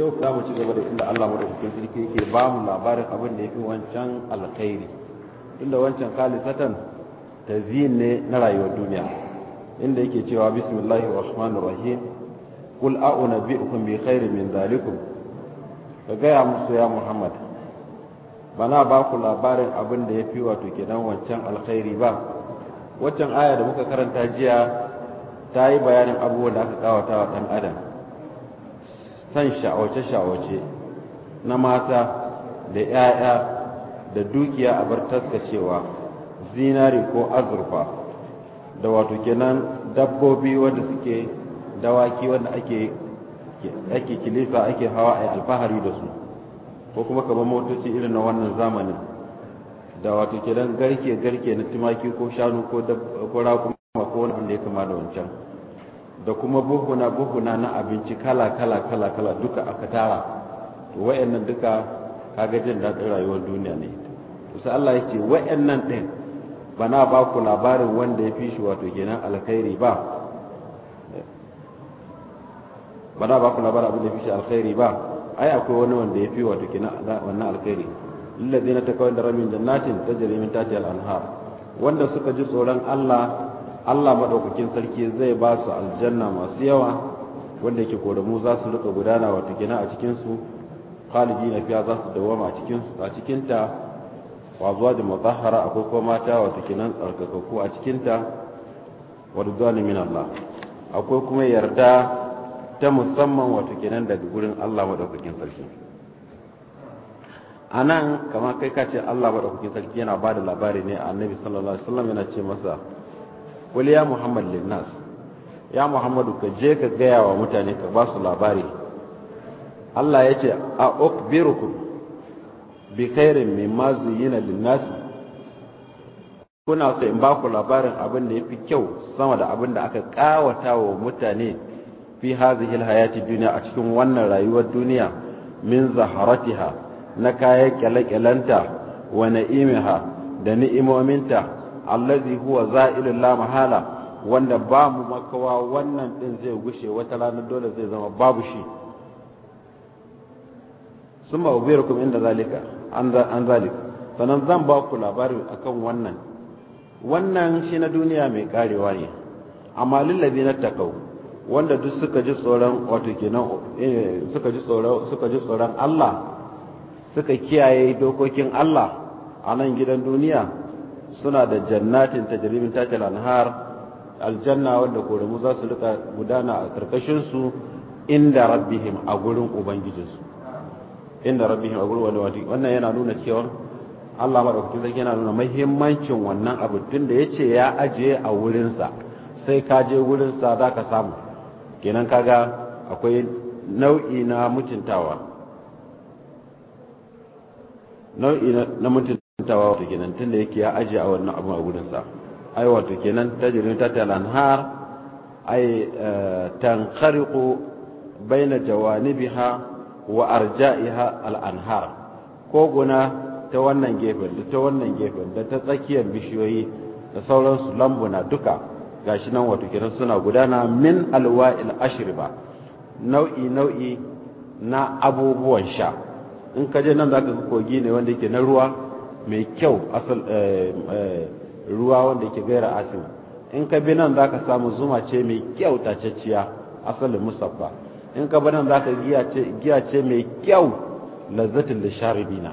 yau za mu ci gaba da inda Allah madaukakin sarki yake ba mu labarin abin da ya fi wancan alkhairi inda wancan khalifatan tazyin ne na rayuwar duniya inda yake cewa bismillahi rahmanu rahim qul a'unabbi'ukum bi khairin min zalikum ka gaya musu ya muhammad bana ba ku labarin abin da ya fi wato kenan wancan alkhairi ba waccan aya da muka karanta jiya ta yi bayanin abubuwan da aka kawata wa ɗan adam San sha'awace-sha'awace na mata da 'ya'ya da dukiya a bar taskacewa zinari ko azurfa da wato kenan dabbobi wanda suke dawaki wanda ake ake kilisa ake hawa a alfahari da su ko kuma kamar motoci irin na wannan zamanin da wato kenan garke-garke na tumaki ko shanu ko rakuma ko wani wanda ya kama da wancan da kuma buhuna buhuna na abinci kala kala kala kala duka aka tara to wayannan duka kaga jin daɗin rayuwar duniya ne to sai Allah yake wayannan din bana ba ku labarin wanda ya fi shi wato kenan alkhairi ba bana ba ku labarin abin da ya fi shi alkhairi ba ai akwai wani wanda ya fi wato kenan wannan alkhairi lillazina da ramin jannatin tajri min tahtiha anhar wanda suka ji tsoron Allah Allah maɗaukakin sarki zai ba su aljanna masu yawa wanda yake koramu za su rika gudana wata gina a cikinsu su na fiya za su dawama a cikinta a wa zuwa da matsahara akwai kuma mata wato kenan tsarkakakku a cikinta ta wa ridwanu min Allah akwai kuma yarda ta musamman wata gina daga gurin Allah maɗaukakin sarki a nan kamar kai ka ce Allah maɗaukakin sarki yana ba da labari ne a annabi sallallahu alaihi wasallam yana ce masa wal ya muhammad linnas ya muhammadu ka je ka gaya wa mutane ka ba su labari Allah ya ce a ukbiruku bi khairin mimma zuyyina linnas kuna so in ba ku labarin abin da yafi kyau sama da abin da aka kawata wa mutane fi hazihi hayati duniya a cikin wannan rayuwar duniya min zaharatiha na kayan kyale-kyalenta wa na'imiha da ni'imominta allazi huwa za'ilul la mahala wanda ba mu makawa wannan din zai gushe wata ranar dole zai zama babu shi summa ubirakum inda zalika an zalika sannan zan ba ku labari akan wannan wannan shi na duniya mai karewa ne amma lillabi na takau wanda duk suka ji tsoron wato kenan eh, suka ji tsoron suka ji tsoron Allah suka kiyaye dokokin Allah a nan gidan duniya suna da jannatin tajribin tatil anhar aljanna wanda koramu za su rika gudana a karkashin su inda rabbihim a gurin ubangijinsu inda rabbihim a gurin wani wannan yana nuna cewa Allah madaukakin sarki yana nuna muhimmancin wannan abu tun da yace ya ajiye a wurinsa sai ka je wurinsa za ka samu kenan kaga akwai nau'i na mutuntawa nau'i na mutuntawa tawa wato kenan tunda yake ya aje a wannan abu a gudun sa ai wato kenan tajrin ta anhar ai eh, tanqariqu baina jawanibiha wa arja'iha al anhar koguna ta wannan gefen da ta wannan gefe da ta tsakiyar bishiyoyi da sauransu lambuna duka gashi nan wato kenan suna gudana min alwa'il ashriba nau'i nau'i na abubuwan sha in ka je nan zaka kogi ne wanda yake na ruwa mai kyau eh, eh, ruwa wanda yake gaira asin in ka bi nan za ka samu zuma ce mai kyau tacacciya asalin musabba in ka bi nan za ka giya ce mai kyau lazzatin da sharibina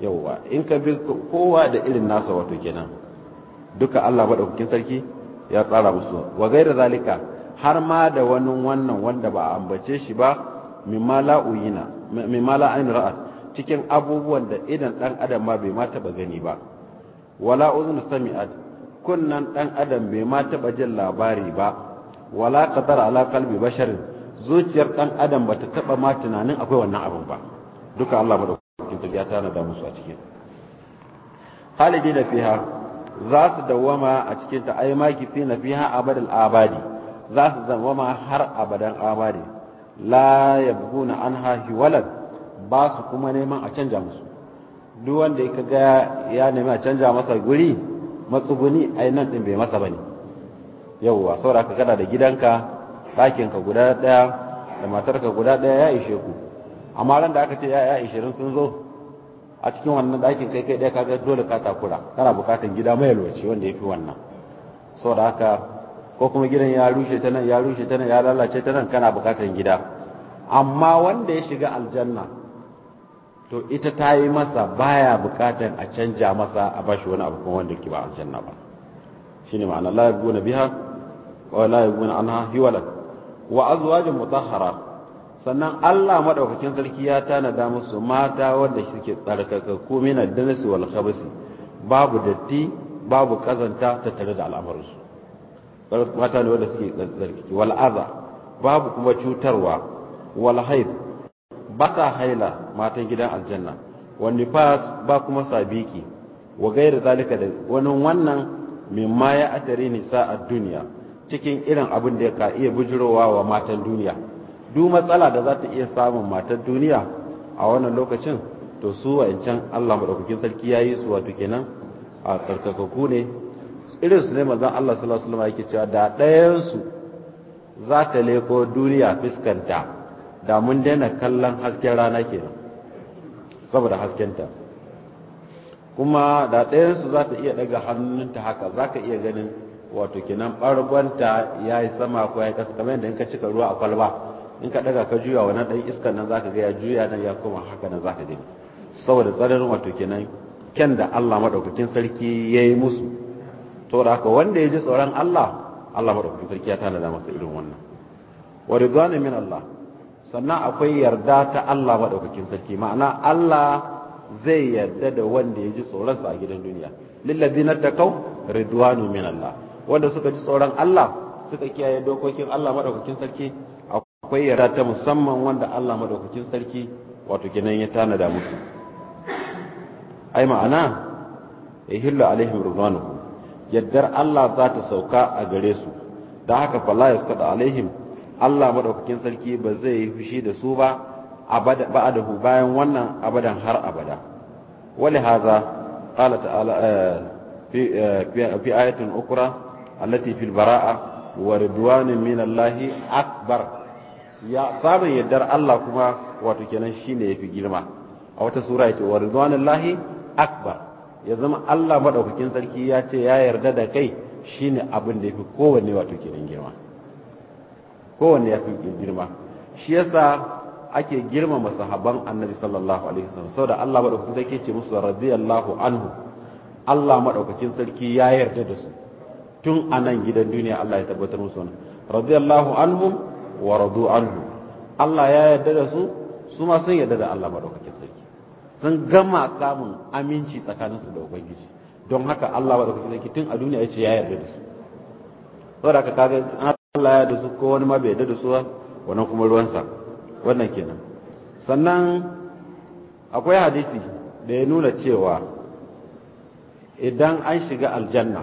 yauwa in ka bi kowa da irin nasa wato kenan duka allah maɗaukakin sarki ya tsara musu wa gaira zalika har ma da wani wannan wanda ba a ambace shi ba mimma la'ayina cikin abubuwan da idan ɗan adam ma bai ma taɓa gani ba wala uzun sami'at kunnan ɗan adam bai ma taɓa jin labari ba wala qatar ala qalbi bashar zuciyar ɗan adam bata taɓa ma tunanin akwai wannan abin ba duka Allah kuma ta ya tana da musu a cikin khalidina fiha za su dawama a cikin ta fi na fiha abadal abadi za su dawwama har abadan abadi la yabguna anha hiwalad ba su kuma neman a canja musu duk wanda ya ga ya nemi a canja masa guri matsuguni a nan ɗin bai masa ba ne yauwa saura ka gada da gidanka ɗakinka guda ɗaya da matarka guda ɗaya ya ishe ku amma ran da aka ce ya ishirin sun zo a cikin wannan ɗakin kai kai ɗaya kaga dole ka takura kana bukatan gida mai lokaci wanda ya fi wannan da haka ko kuma gidan ya rushe ta nan ya rushe ta nan ya lalace ta nan kana bukatan gida amma wanda ya shiga aljanna to ita ta yi masa baya bukatan a canja masa a bashi wani abu kuma wanda ke ba aljanna ba shine ma'ana la na biha wa la na anha hiwalan wa azwajun mutahhara sannan Allah madaukakin sarki ya tanada musu mata wanda suke tsarkaka min ad-danasi wal khabasi babu datti babu kazanta tattare da al'amarsu mata ne wanda suke tsarkaki wal aza babu kuma cutarwa wal haid ba sa haila matan gidan aljanna wani fas ba kuma sabiki wa gaira zalika da wani wannan mimma ya atare nisa a duniya cikin irin abin da ka iya bujirowa wa matan duniya duk matsala da za ta iya samun matan duniya a wannan lokacin to su can Allah madaukakin sarki ya yi su wato kenan a tsarkakaku ne irin su ne manzon Allah sallallahu alaihi wasallam yake cewa da ɗayan su za ta leko duniya fiskanta da mun daina kallon hasken rana kenan saboda haskenta kuma da ɗayansu za ta iya ɗaga ta haka za ka iya ganin wato kenan ɓargonta ya yi sama ko ya yi ƙasa kamar yadda in ka cika ruwa a kwalba in ka daga ka juya na ɗan iskan nan za ka ga ya juya nan ya koma haka nan za ka gani saboda tsarin wato kenan kyan da Allah maɗaukakin sarki ya yi musu to da haka wanda ya ji tsoron Allah Allah maɗaukakin sarki ya tanada masa irin wannan wa ridwanu min Allah sannan akwai yarda ta Allah maɗaukakin sarki ma'ana Allah zai yarda da wanda ya ji tsoronsa a gidan duniya lillazi na takau ridwanu min Allah wanda suka ji tsoron Allah suka kiyaye dokokin Allah maɗaukakin sarki akwai yarda ta musamman wanda Allah maɗaukakin sarki wato ginan ya tanada musu ai ma'ana yahillu alaihim ridwanuhu yaddar Allah za ta sauka a gare su da haka fala yaskada alaihim Allah maɗaukakin sarki ba zai yi fushi da su ba a ba dahu bayan wannan abadan har abada wani haza ƙala ta'ala eh, eh, fi ayatun ukura allati fil bara'a wa ridwanun min Allah akbar ya samun yaddar Allah kuma wato kenan shine yafi girma a wata sura yake wa ridwanun lahi akbar ya zama Allah maɗaukakin sarki ya ce ya yarda da kai shine abin da yafi kowanne wato kenan girma kowanne ya fi girma shi yasa ake girmama sahaban annabi sallallahu alaihi wasallam saboda Allah madaukakin sarki ce musu radiyallahu anhu Allah madaukakin sarki ya yarda da su tun a nan gidan duniya Allah ya tabbatar musu wannan radiyallahu anhu wa radu anhu Allah ya yarda da su su ma sun yarda da Allah madaukakin sarki sun gama samun aminci tsakaninsu da ubangiji don haka Allah madaukakin sarki tun a duniya ya ce ya yarda da su saboda haka kaga Allah ya dusu ko wani ma bai da su wannan kuma ruwansa wannan kenan sannan akwai hadisi da ya nuna cewa idan an shiga aljanna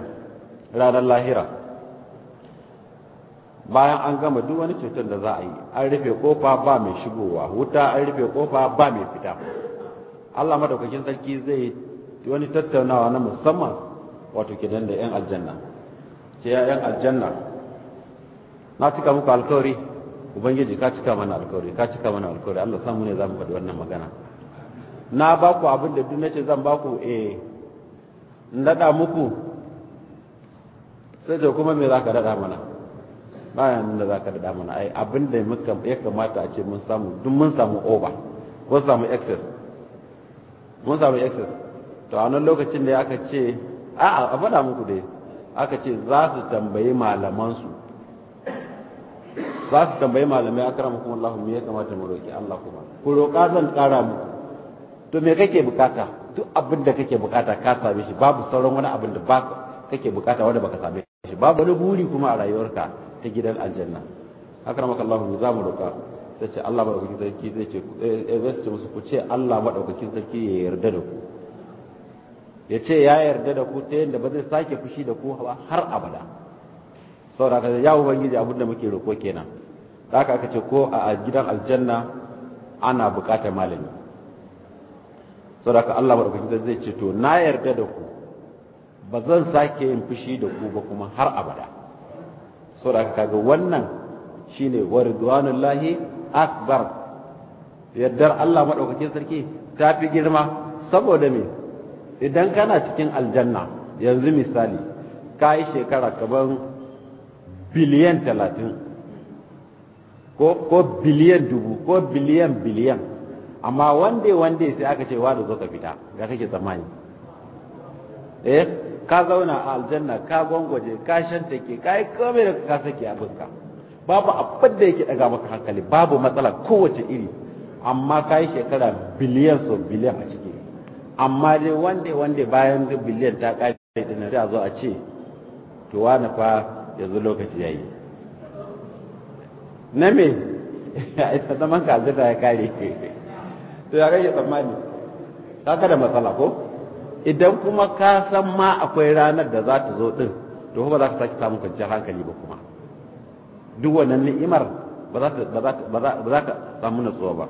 ranar lahira bayan an gama duk wani cutar da za a yi an rufe kofa ba mai shigowa wuta an rufe kofa ba mai fita Allah madaukakin sarki zai yi wani tattaunawa na musamman wato kidan da 'yan aljanna ce 'yan aljanna na cika muku alkawari ubangiji ka cika mana alkawari ka cika mana alkawari Allah samu ne zamu faɗi wannan magana na ba ku abin da duk nace zan ba ku eh nada muku sai da kuma me za ka dada mana bayan da za ka dada mana ai abin da muka ya kamata a ce mun samu duk mun samu over mun samu excess mun samu excess to a nan lokacin da aka ce a'a a faɗa muku dai aka ce za su tambayi malamansu za su tambayi malamai akramu kuma Allah me ya kamata mu roƙi Allah kuma ku roƙa zan ƙara mu to me kake bukata duk abin da kake bukata ka same shi babu sauran wani abin da kake bukata wanda baka same shi babu wani buri kuma a rayuwarka ta gidan aljanna akramaka Allah mu za mu roƙa sai ce Allah madaukakin sarki zai ce eh, eh, zai ce musu ku ce Allah madaukakin sarki ya yarda da ku ya ce ya yarda da ku ta yadda ba zai sake fushi da ku har abada saboda ya ubangiji abin da muke roƙo kenan da aka aka ce ko a gidan aljanna ana bukatar malami saboda Allah da zai ce to na yarda da ku ba zan sake yin fushi da ku ba kuma har abada saboda kaga wannan shine waridwanullahi akbar yardar Allah madaukakin sarki ta fi girma saboda me idan kana cikin aljanna yanzu misali ka yi shekara kaban biliyan talatin ko biliyan dubu ko biliyan biliyan amma wande wande sai aka ce wa da zo ka fita ga kake tsammani eh ka zauna a aljanna ka gwangwaje ka ke ka yi kome da ka sake abinka babu abin da yake daga maka hankali babu matsala kowace iri amma ka yi shekara biliyan so biliyan a ciki amma dai wande wande bayan biliyan ta kare na sai a zo a ce to wani fa yanzu lokaci yayi na me ita zaman k'a zata ya kare to ya kake tsammani ta kada matsala ko idan kuma ka san ma akwai ranar da za ta zo din to ba za ka saki samun kwanciyar hankali ba kuma duk wannan ni'imar ba za ka samu natsuwa ba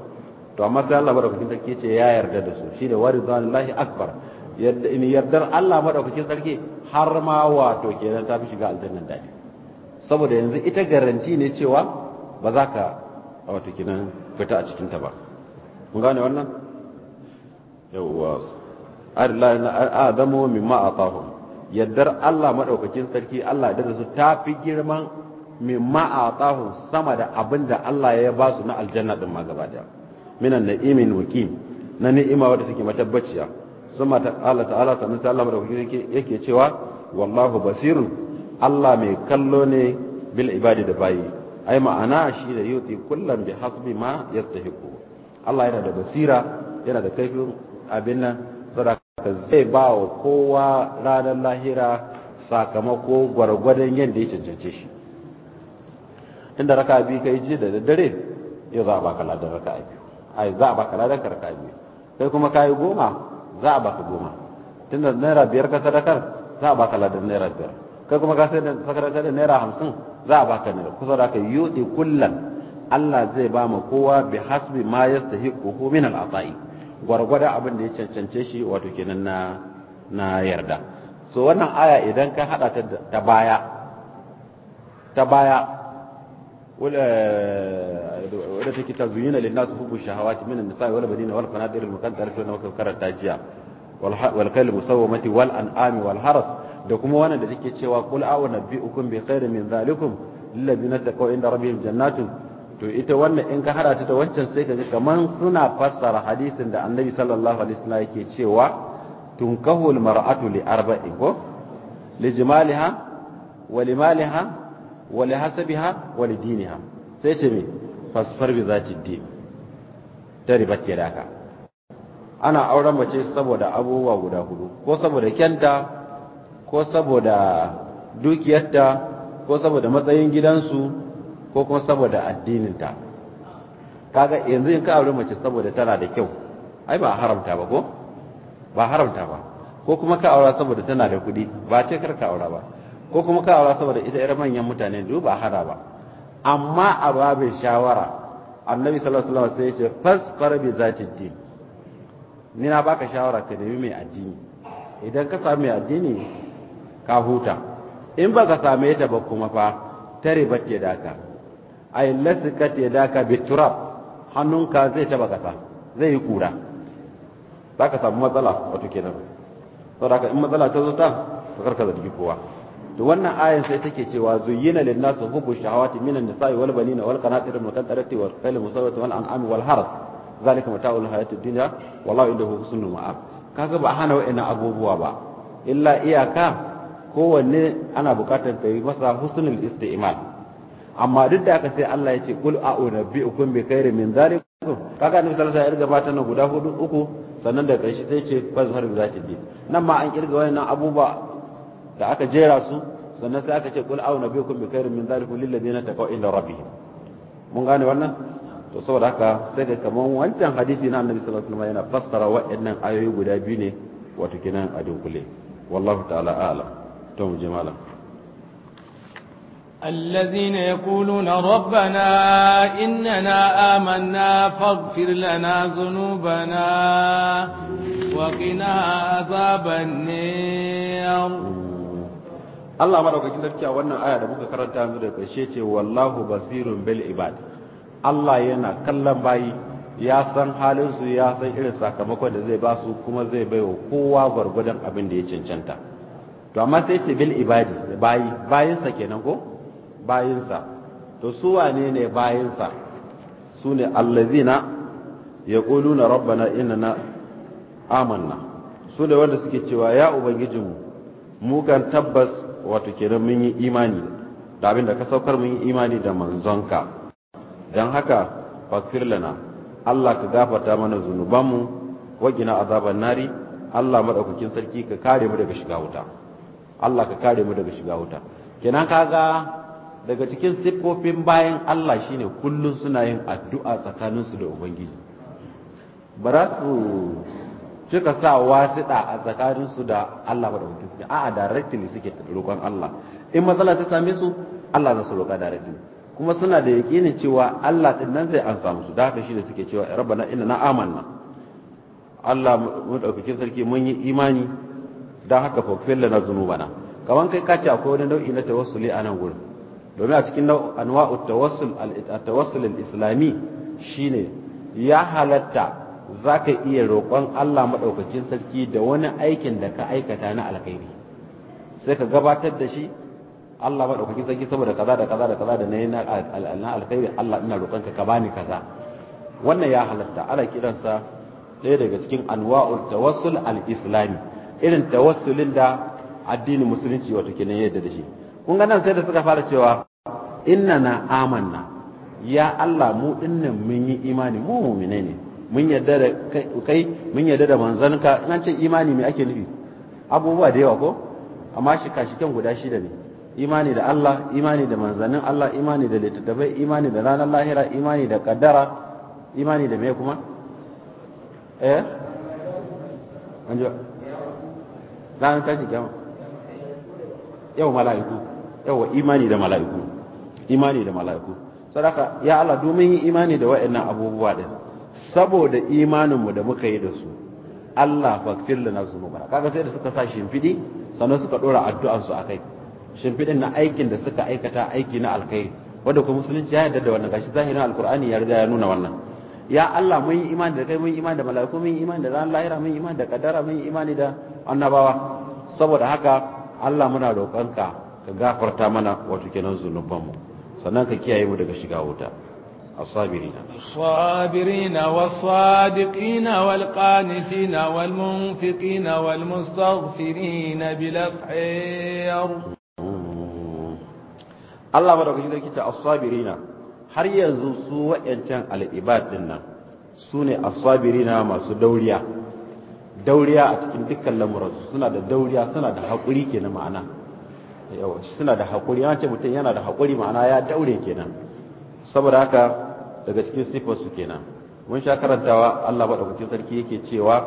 to amma sai Allah madaukakin sarki ce ya yarda da su shi wari waridwanillahi akbar yadda in yardar Allah madaukakin sarki har ma wato kenan ta fi shiga aljannan dadi saboda yanzu ita garanti ne cewa ba za ka wato kinan fita a cikinta ba mun gane wannan yawwa adamu mimma atahum yaddar Allah madaukakin sarki Allah da su tafi girman mimma atahum sama da abinda Allah ya ba su na aljanna din ma gaba daya minan na'imin wakin na ni'ima wadda take matabbaciya summa Allah ta'ala sannan ta Allah madaukakin sarki yake cewa wallahu basirun Allah mai kallo ne bil ibadi da bayi ai ma'ana shi da yuti kullum bi hasbi ma yastahiqu Allah yana da basira yana da kaifin abin nan sadaka zai ba wa kowa ranar lahira sakamako gwargwadon yadda ya cancance shi inda raka bi kai ji da daddare ya za a baka ladan raka biyu ai za a baka ladan ka raka biyu kai kuma kayi goma za a baka goma tunda naira biyar ka sadakar za a baka ladan naira biyar kai kuma ka sai da sadakar naira hamsin za a baka ne kusa da ka yudi kullan Allah zai ba ma kowa bi hasbi ma kuhu min a atai gwargwada abin da ya cancance shi wato kenan na na yarda so wannan aya idan ka hada ta ta baya ta baya eh, wadda take tazuyina lin nas hubu shahawati min an-nisa wal banina wal qanatir al-muqaddarati wa karanta jiya wal kayl mati wal an'ami wal haras da kuma wannan da take cewa qul a'u nabbi'ukum bi khairin min zalikum lillazina taqaw inda rabbihim jannatun to ita wannan in ka hada ta da wancan sai kaga kaman suna fassara hadisin da annabi sallallahu alaihi wasallam yake cewa tunkahu almar'atu li arba'in ko li jimaliha wa li maliha wa li hasabiha wa li diniha sai ce me fasfar bi zati din ta ribace da ana auren mace saboda abubuwa guda hudu ko saboda kyanta ko saboda dukiyarta ko saboda matsayin gidansu ko kuma saboda addininta kaga yanzu in ka aure mace saboda tana da kyau ai ba haramta ba ko ba haramta ba ko kuma ka aura saboda tana da kuɗi ba ce kar ka aura ba ko kuma ka aura saboda ita ƴar manyan mutane duk ba hada ba amma a babin shawara annabi sallallahu alaihi wasallam sai ya ce fasfar bi zati din ni na baka shawara ka nemi mai addini idan ka samu mai addini ka huta in ba ka same ta ba kuma fa tare ba bace daka ay bi yadaka hannun hannunka zai taba kasa zai yi kura ka samu matsala wato kenan saboda in matsala ta zo ta karka zargi kowa to wannan ayan sai take cewa zuyyina lin nasu hubu shahawati minan nisa'i wal banina wal qanatir mutantarati wal qail musawati wal an'am wal harz zalika mata'ul hayatid dunya wallahu indahu husnul ma'ab kaga ba hana wa'ina abubuwa ba illa iyaka kowanne ana bukatar ta yi masa husnul isti'mal amma duk da aka sai Allah ya ce kul a'unabbi'ukum bi khairin min zalikum kaga ne sallallahu alaihi wasallam ya riga nan guda hudu uku sannan da karshe sai ce fazhar zati din nan ma an kirga wayannan abubuwa da aka jera su sannan sai aka ce kul a'unabbi'ukum bi khairin min zalikum lil ladina taqaw inda rabbihim mun gane wannan to saboda haka sai da kaman wancan hadisi na annabi sallallahu alaihi wasallam yana fassara wa'annan ayoyi guda biyu ne wato kenan a dukule. والله تعالى a'lam to mu je malam الذين يقولون ربنا إننا آمنا فاغفر لنا ذنوبنا وقنا عذاب النار Allah madaukakin sarki a wannan aya da muka karanta mu da kashe ce wallahu basirun bil ibad Allah yana kallon bayi ya san halin su ya san irin sakamakon da zai ba su kuma zai baiwa kowa gwargwadon abin da ya cancanta to amma sai ce bil ibadi bayi bayinsa kenan ko bayinsa to su wane ne bayinsa su ne allazina yaquluna rabbana inna amanna su ne wanda suke cewa ya ubangijinmu mu kan tabbas wato kenan mun yi imani da abin da ka saukar mun yi imani da manzonka don haka fakir lana Allah ka gafarta mana zunubanmu wa gina azaban nari Allah madaukakin sarki ka kare mu daga shiga wuta Allah ka kare mu daga shiga wuta kenan kaga daga cikin siffofin bayan Allah shine kullun suna yin addu'a tsakaninsu da ubangiji ba za su cika sa wasiɗa a tsakaninsu da Allah ba da a a'a directly suke roƙon Allah in matsala ta same su Allah za su roƙa directly kuma suna da yaƙinin cewa Allah din nan zai ansa musu da haka shine suke cewa rabbana inna amanna Allah mu daukakin sarki mun yi imani don haka fafil na zunubana kaman kai kace akwai wani nau'i na tawassuli a nan gurin domin a cikin anwa'u tawassul al-tawassul al-islami shine ya halatta zaka iya roƙon Allah madaukakin sarki da wani aikin da ka aikata na alkhairi sai ka gabatar da shi Allah madaukakin sarki saboda kaza da kaza da kaza da nayi na alkhairi Allah ina roƙon ka bani kaza wannan ya halatta ana kiransa ɗaya daga cikin anwa'ul tawassul al-islami irin tawassulin da addini musulunci wato kenan yadda da shi kun ga nan sai da suka fara cewa na amanna ya Allah mu dinnan mun yi imani mu mu'mine ne mun yarda da kai mun yarda da manzanka ina ce imani me ake nufi abubuwa da yawa ko amma shi kashi kan guda shida ne imani da Allah imani da manzannin Allah imani da littattafai imani da ranar lahira imani da kaddara imani da me kuma eh ranar tashi kiyama yau mala'iku yau imani da mala'iku imani da mala'iku sadaka ya Allah domin yi imani da wa'annan abubuwa din saboda imaninmu da muka yi da su Allah fakfir lana zunubana kaga sai da suka sa shimfidi sannan suka dora addu'ansu su akai shimfidin na aikin da suka aikata aiki na alkhairi wanda kuma musulunci ya yarda da wannan gashi zahirin alqur'ani ya riga ya nuna wannan ya Allah mun yi imani da kai mun yi imani da mala'iku mun yi imani da ran lahira mun yi imani da kadara mun yi imani da annabawa saboda haka Allah muna roƙonka ka gafarta mana wato kenan zunubanmu sannan ka kiyaye mu daga shiga wuta الصابرين الصابرين والصادقين والقانتين والمنفقين والمستغفرين بالأسحير Allah madaukakin sarki ta as-sabirina har yanzu su wa'yancan al'ibad سوني الصابرين ما ne as dauriya a cikin dukkan lamuran suna da dauriya suna da haƙuri kenan ma'ana suna da haƙuri yana ce mutum yana da haƙuri ma'ana ya daure kenan saboda haka daga cikin sifarsu kenan mun sha karantawa Allah madaukakin sarki yake cewa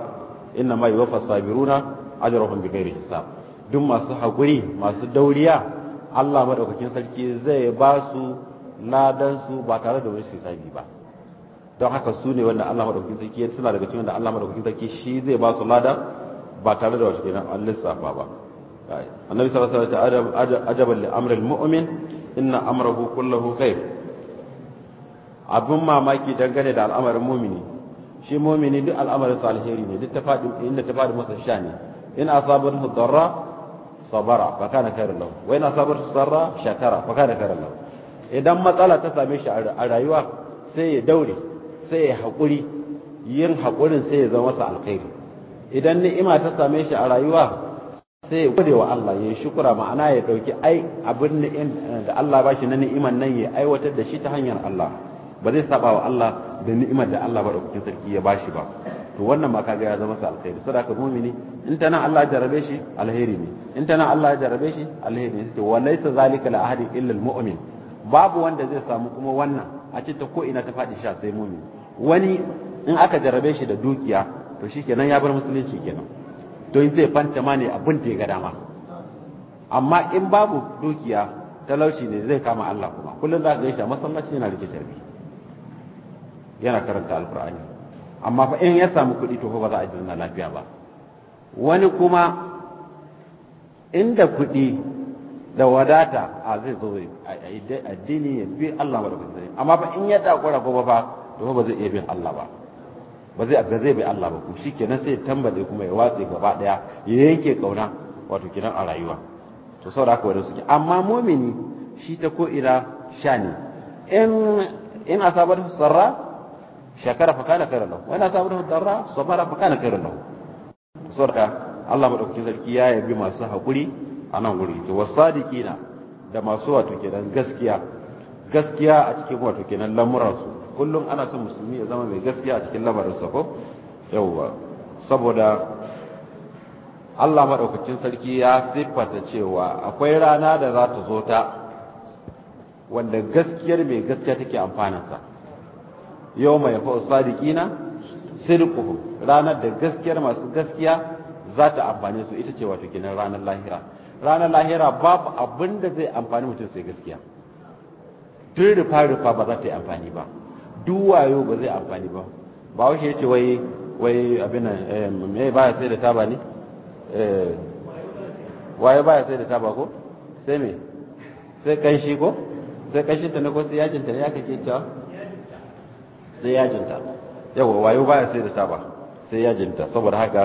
inna ma yuwaffa sabiruna ajrahum bighairi hisab duk masu haƙuri masu dauriya Allah madaukakin sarki zai ba su ladan ba tare da wani hisabi ba don haka su ne wanda Allah madaukakin sarki ya suna daga cikin wanda Allah madaukakin sarki shi zai ba su lada ba tare da wata kenan an lissafa ba annabi sallallahu alaihi wasallam ta ajaban li amri almu'min inna amrahu kulluhu khair abun mamaki dangane da al'amarin mumini shi mumini duk al'amarin sa alheri ne duk tafadi inda tafadi masa sha ne in asabahu darra sabara fa kana khairan lahu wa in asabahu sarra shakara fa kana khairan lahu idan matsala ta same shi a rayuwa sai ya daure sai ya haƙuri yin haƙurin sai ya zama sa alkhairi idan ni'ima ta same shi a rayuwa sai ya gode wa Allah ya shukura ma'ana ya ɗauki ai abin eh, da Allah ba shi na ni'iman nan ya aiwatar da shi ta hanyar Allah ba zai saba wa Allah da ni'imar da Allah ba ɗaukakin sarki ya ba shi ba to wannan ba kaga ya zama sa alkhairi sadaka mumini in ta nan Allah ya jarabe shi alheri ne in ta nan Allah ya jarabe shi alheri ne sai walaysa zalika la ahadi illa mumin babu wanda zai samu kuma wannan a ce ta ko ina ta faɗi sha sai mumini wani in aka jarabe shi da dukiya to shi kenan ya bar musulunci kenan to in zai fanta ma ne abin da ya ga dama amma in babu dukiya talauci ne zai kama Allah kuma kullum za ka gaisha masallaci yana rike tarbi yana karanta alkur'ani amma fa in ya samu kuɗi to ba za a ji lafiya ba wani kuma inda kuɗi da wadata a zai zo addini ya bi Allah wadda kuɗi amma fa in ya dakura ba, ba domin ba zai iya bin Allah ba ba zai abin zai bai Allah ba ku shikenan sai tambale kuma ya watsi gaba daya ya yanke kauna wato kiran a rayuwa to saboda haka wadansu suke amma mumini shi ta ko sha shani in in asabar sarra shakara fa kana khairan lahu wani in asabar darra sabara fa kana khairan lahu to saboda Allah madaukakin sarki ya yabi masu hakuri a nan wuri to na da masu wato kenan gaskiya gaskiya a cikin wato kenan lamuransu kullum ana son musulmi ya zama mai gaskiya a cikin sa ko yauwa saboda Allah maɗaukacin sarki ya siffata cewa akwai rana da za ta zo ta wanda gaskiyar mai gaskiya take amfaninsa yau mai fa'o sadiqina sirkuhu ranar da gaskiyar masu gaskiya za ta amfane su ita ce wato kenan ranar lahira ranar lahira babu abin da zai amfani mutum sai gaskiya tun rufa-rufa ba za ta yi amfani ba duwayo ba zai amfani ba ba wuce ya ce wai wai abin nan eh, mai baya sai da taba ne eh, waye ya sai da taba ko sai me sai kanshi ko sai kanshin ta na ko sai yajin ta ne aka ke cewa sai yajin ta yawa wayo ya sai da taba sai yajin ta saboda haka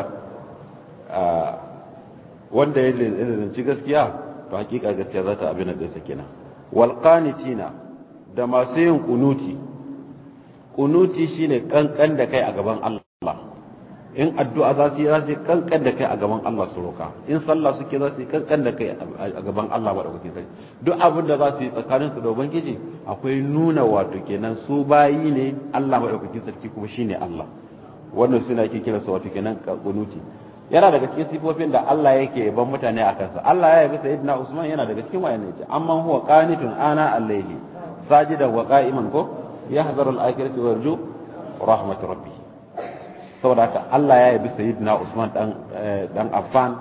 wanda ya lalace gaskiya to hakika gaskiya za ta abin da sa kenan wal da masu yin kunuti kunuti shine kankan da kai a gaban Allah in addu'a za su yi za su kankan da kai a gaban Allah su roka in sallah suke za su yi kankan da kai a gaban Allah madaukakin sarki duk abin da za su yi tsakanin su da ubangiji akwai nuna wato kenan su bayi ne Allah madaukakin sarki kuma shine Allah wannan suna yake kira su wato kenan kunuti yana daga cikin sifofin da Allah yake ban mutane a kansa Allah ya yabi sayyidina Usman yana daga cikin wayannan ce amma huwa qanitun ana al-layli sajidan wa qa'iman ko yahzaru al-akhirati wa yarju rahmat rabbi saboda haka Allah ya yabi sayyidina Usman dan dan Affan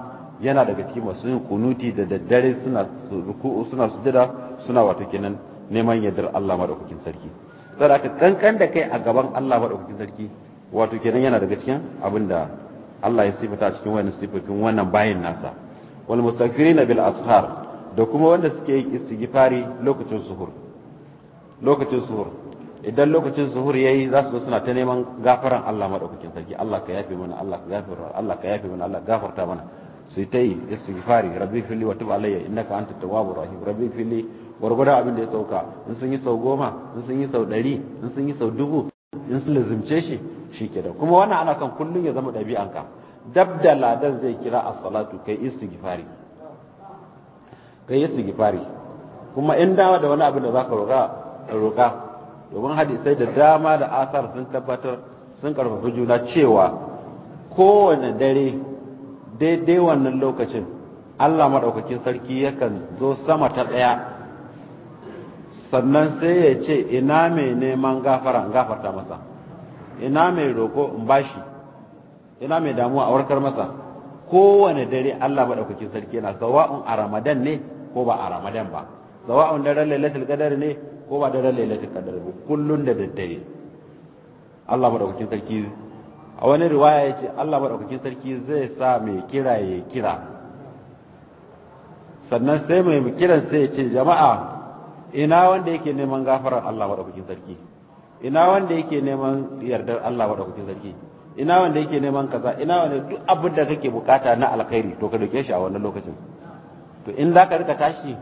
yana daga cikin masu yin kunuti da daddare suna ruku'u suna sujada suna wato kenan neman yardar Allah madaukakin sarki saboda haka kankan da kai a gaban Allah madaukakin sarki wato kenan yana daga cikin abinda Allah ya sifata cikin wannan sifofin wannan bayin nasa wal mustaghfirina bil ashar da kuma wanda suke yin istighfari lokacin suhur lokacin suhur idan lokacin zuhur yayi za su zo suna ta neman gafaran Allah madaukakin sarki Allah ka yafe mana Allah ka yafe mana Allah ka yafe mana Allah gafarta mana su yi ta yi istighfari rabbi fili wa tub alayya innaka anta tawwabur rahim rabbi fili gwargwada abin da ya sauka in sun yi sau goma in sun yi sau ɗari in sun yi sau dubu in sun lazimce shi shi ke da kuma wannan ana son kullum ya zama ɗabi'anka dab da ladan zai kira as salatu kai istighfari kai istighfari kuma in dawa da wani abin da za ka roƙa domin hadisai da dama da asar sun tabbatar sun karfafi juna cewa kowane dare daidai wannan lokacin Allah maɗaukakin sarki yakan zo sama ta ɗaya sannan sai ya ce ina mai neman gafara in gafarta masa ina mai roƙo in bashi ina mai damuwa a warkar masa kowane dare Allah maɗaukakin sarki yana sawa'un a ramadan ne ko ba a ramadan ba sawa'un daren lailatul qadar ne ko ba daren lailatul qadr ba kullun da daddare Allah madaukakin sarki a wani riwaya ce Allah madaukakin sarki zai sa mai kira ya kira sannan sai mai kiran sai ya ce jama'a ina wanda yake neman gafarar Allah madaukakin sarki ina wanda yake neman yardar Allah madaukakin sarki ina wanda yake neman kaza ina wanda duk abin da kake bukata na alkhairi to ka dauke shi a wannan lokacin to in zaka rika tashi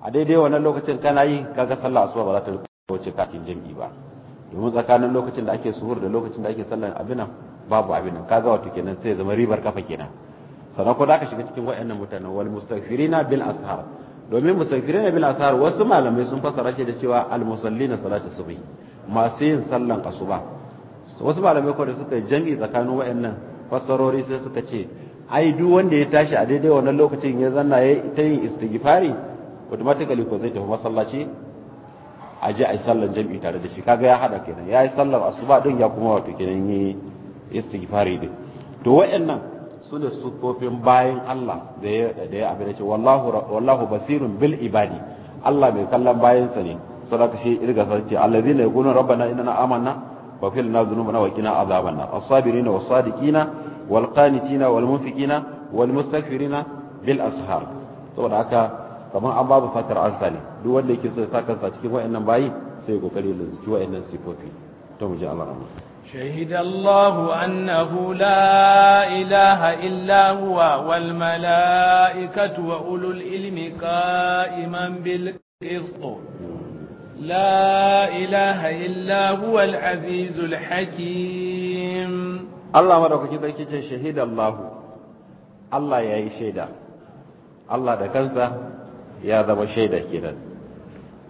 a daidai wannan lokacin kana yi kaga sallah asuba ba za ta wuce kafin jami'i ba domin tsakanin lokacin da ake suhur da lokacin da ake abin nan babu abin nan kaga wato kenan sai zama ribar kafa kenan sannan ko zaka shiga cikin wayannan mutanen wal mustaghfirina bil ashar domin mustaghfirina bil ashar wasu malamai sun fassara shi da cewa al musallina salatu subhi masu yin sallan asuba wasu malamai ko da suka yi jami'i tsakanin wayannan fassarori sai suka ce ai duk wanda ya tashi a daidai wannan lokacin ya zanna ya ta yin istighfari automatically ko zai tafi masallaci a je a yi sallan jam'i tare da shi kaga ya hada kenan ya yi sallan asuba din ya kuma wato kenan yi istighfari din to wayannan su ne sufofin bayan Allah da ya da ya abin ce wallahu wallahu basirun bil ibadi Allah mai kallon bayansa ne sadaka shi irga sace allazina yaquluna rabbana inna amanna wa fil lana wa qina azabanna as-sabirina was-sadiqina wal-qanitina wal-munfiqina wal-mustaghfirina bil ashar saboda haka kamar an babu satar ansa ne duk wanda yake so ya sa kansa cikin wayannan bayi sai ya kokari da zuci wayannan sifofi to mu ji Allah amin شهد الله أنه لا إله إلا هو والملائكة وأولو العلم قائما بالقسط لا إله إلا هو العزيز الحكيم الله مرحبا كذلك شهد الله الله يا shaida الله ده kansa. ya zama shaida kenan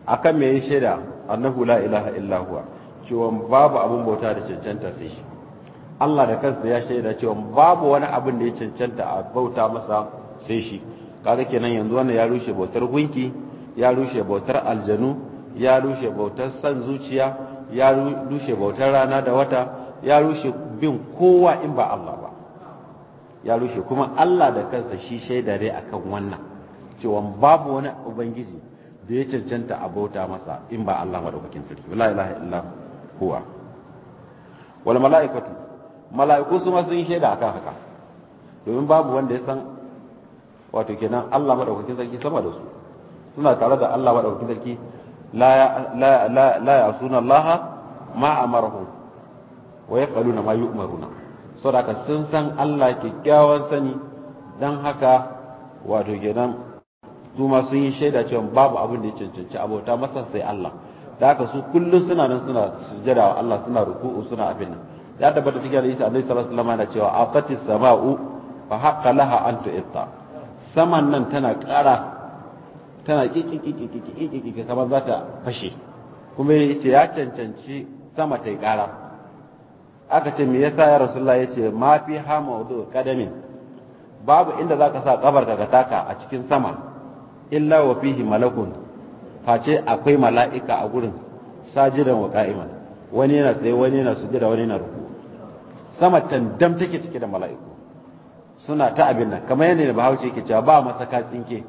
akan me yi shaida annahu la ilaha illa huwa cewa babu abin bauta da cancanta sai shi Allah da kansa ya shaida cewa babu wani abin da ya cancanta a bauta masa sai shi kaga kenan yanzu wannan ya rushe bautar gunki ya rushe bautar aljanu ya rushe bautar san zuciya ya rushe bautar rana da wata ya rushe bin kowa in ba Allah ba ya rushe kuma Allah da kansa shi shaida dai akan wannan cewa babu wani ubangiji da ya cancanta a bauta masa in ba Allah madaukakin sarki la ilaha illa huwa wal malaikatu malaiku su ma sun shaida akan haka domin babu wanda ya san wato kenan Allah madaukakin sarki sama da su suna tare da Allah madaukakin sarki la la la la Allah ma amarhu wa yaqaluna ma yu'maruna saboda sun san Allah kyakkyawan sani dan haka wato kenan su sun yi shaida cewa babu abin da ya cancanci abota masa sai Allah da haka su kullum suna nan suna sujada wa Allah suna ruku'u suna abin nan ya tabbata cikin hadisi annabi sallallahu alaihi wasallam yana cewa aqati sama'u fa haqqa laha an tu'ta saman nan tana ƙara tana kiki kamar za ta fashe kuma ya ce ya cancanci sama ta yi ƙara aka ce me yasa ya rasulullah ya ce ma fi hama kadamin babu inda za ka sa kabarka ka taka a cikin sama illa wa fihi malakun face akwai mala'ika a gurin sajidan wa qa'iman wani yana tsaye wani yana sujjada wani yana ruku sama tandam take cike da mala'iku suna ta abin nan kamar yadda Bahaushe yake cewa ba masaka tsinke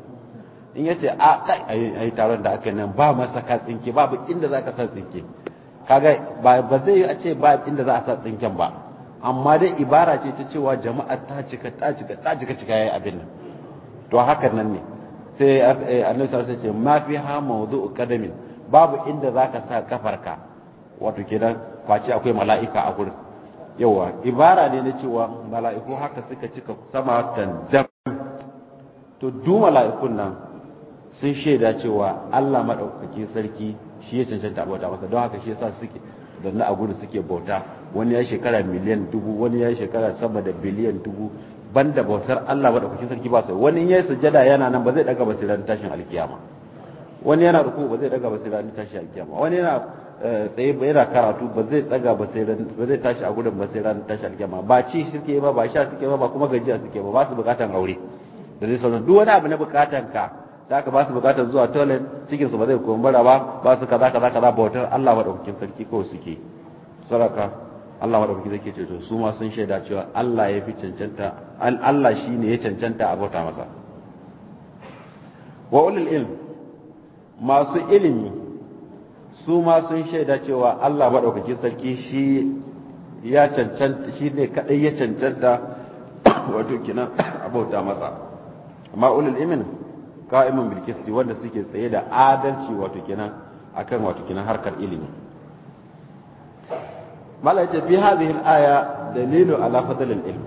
in yace a kai ai taron da aka nan ba masaka tsinke babu inda zaka sa tsinke kaga ba zai yi a ce ba inda za a sa tsinken ba amma dai ibara ce ta cewa jama'a ta cika ta cika ta cika cika yayi abin nan to hakan nan ne sai eh, annabi sallallahu ce wasallam ma fiha mawdu'u qadamin babu inda zaka sa kafarka wato kenan face akwai mala'ika a gurin yawa ibara ne na cewa mala'iku haka suka cika sama dam to du mala'ikun nan sun shaida cewa Allah madaukake sarki shi ya cancanta bauta masa don haka shi yasa suke da a gurin suke bauta wani ya shekara miliyan dubu wani ya shekara sama da biliyan dubu banda bautar Allah kucin sarki ba sai wani yayi sujada yana nan ba zai daga ba sai tashin alkiyama wani yana ruku ba zai daga ba sai tashin alkiyama wani yana eh, tsaye ba yana karatu ba zai tsaga ba sai ba zai tashi a gudun ba sai ran tashin alkiyama ba ci suke ba ba sha suke ba ba kuma gajiya suke ba ba su bukatan aure da zai sauran duk wani abu na bukatan ka da aka ba su bukatan zuwa toilet cikin su ba zai kumbura ba ba su kaza kaza kaza bautar Allah kucin sarki ko suke saraka Allah madaukaki zai ce to su ma sun shaida cewa Allah ya fi cancanta Allah ne ya cancanta a bauta masa wa ulul ilm masu ilimi su ma sun shaida cewa Allah madaukaki sarki shi ya cancanta shi ne kadai ya cancanta wato kina a bauta masa amma ulul ilmin qa'imun bil wanda suke tsaye da adalci wato kina akan wato kina harkar ilimi mala yace bi hadhihi al-aya dalilu ala fadl al-ilm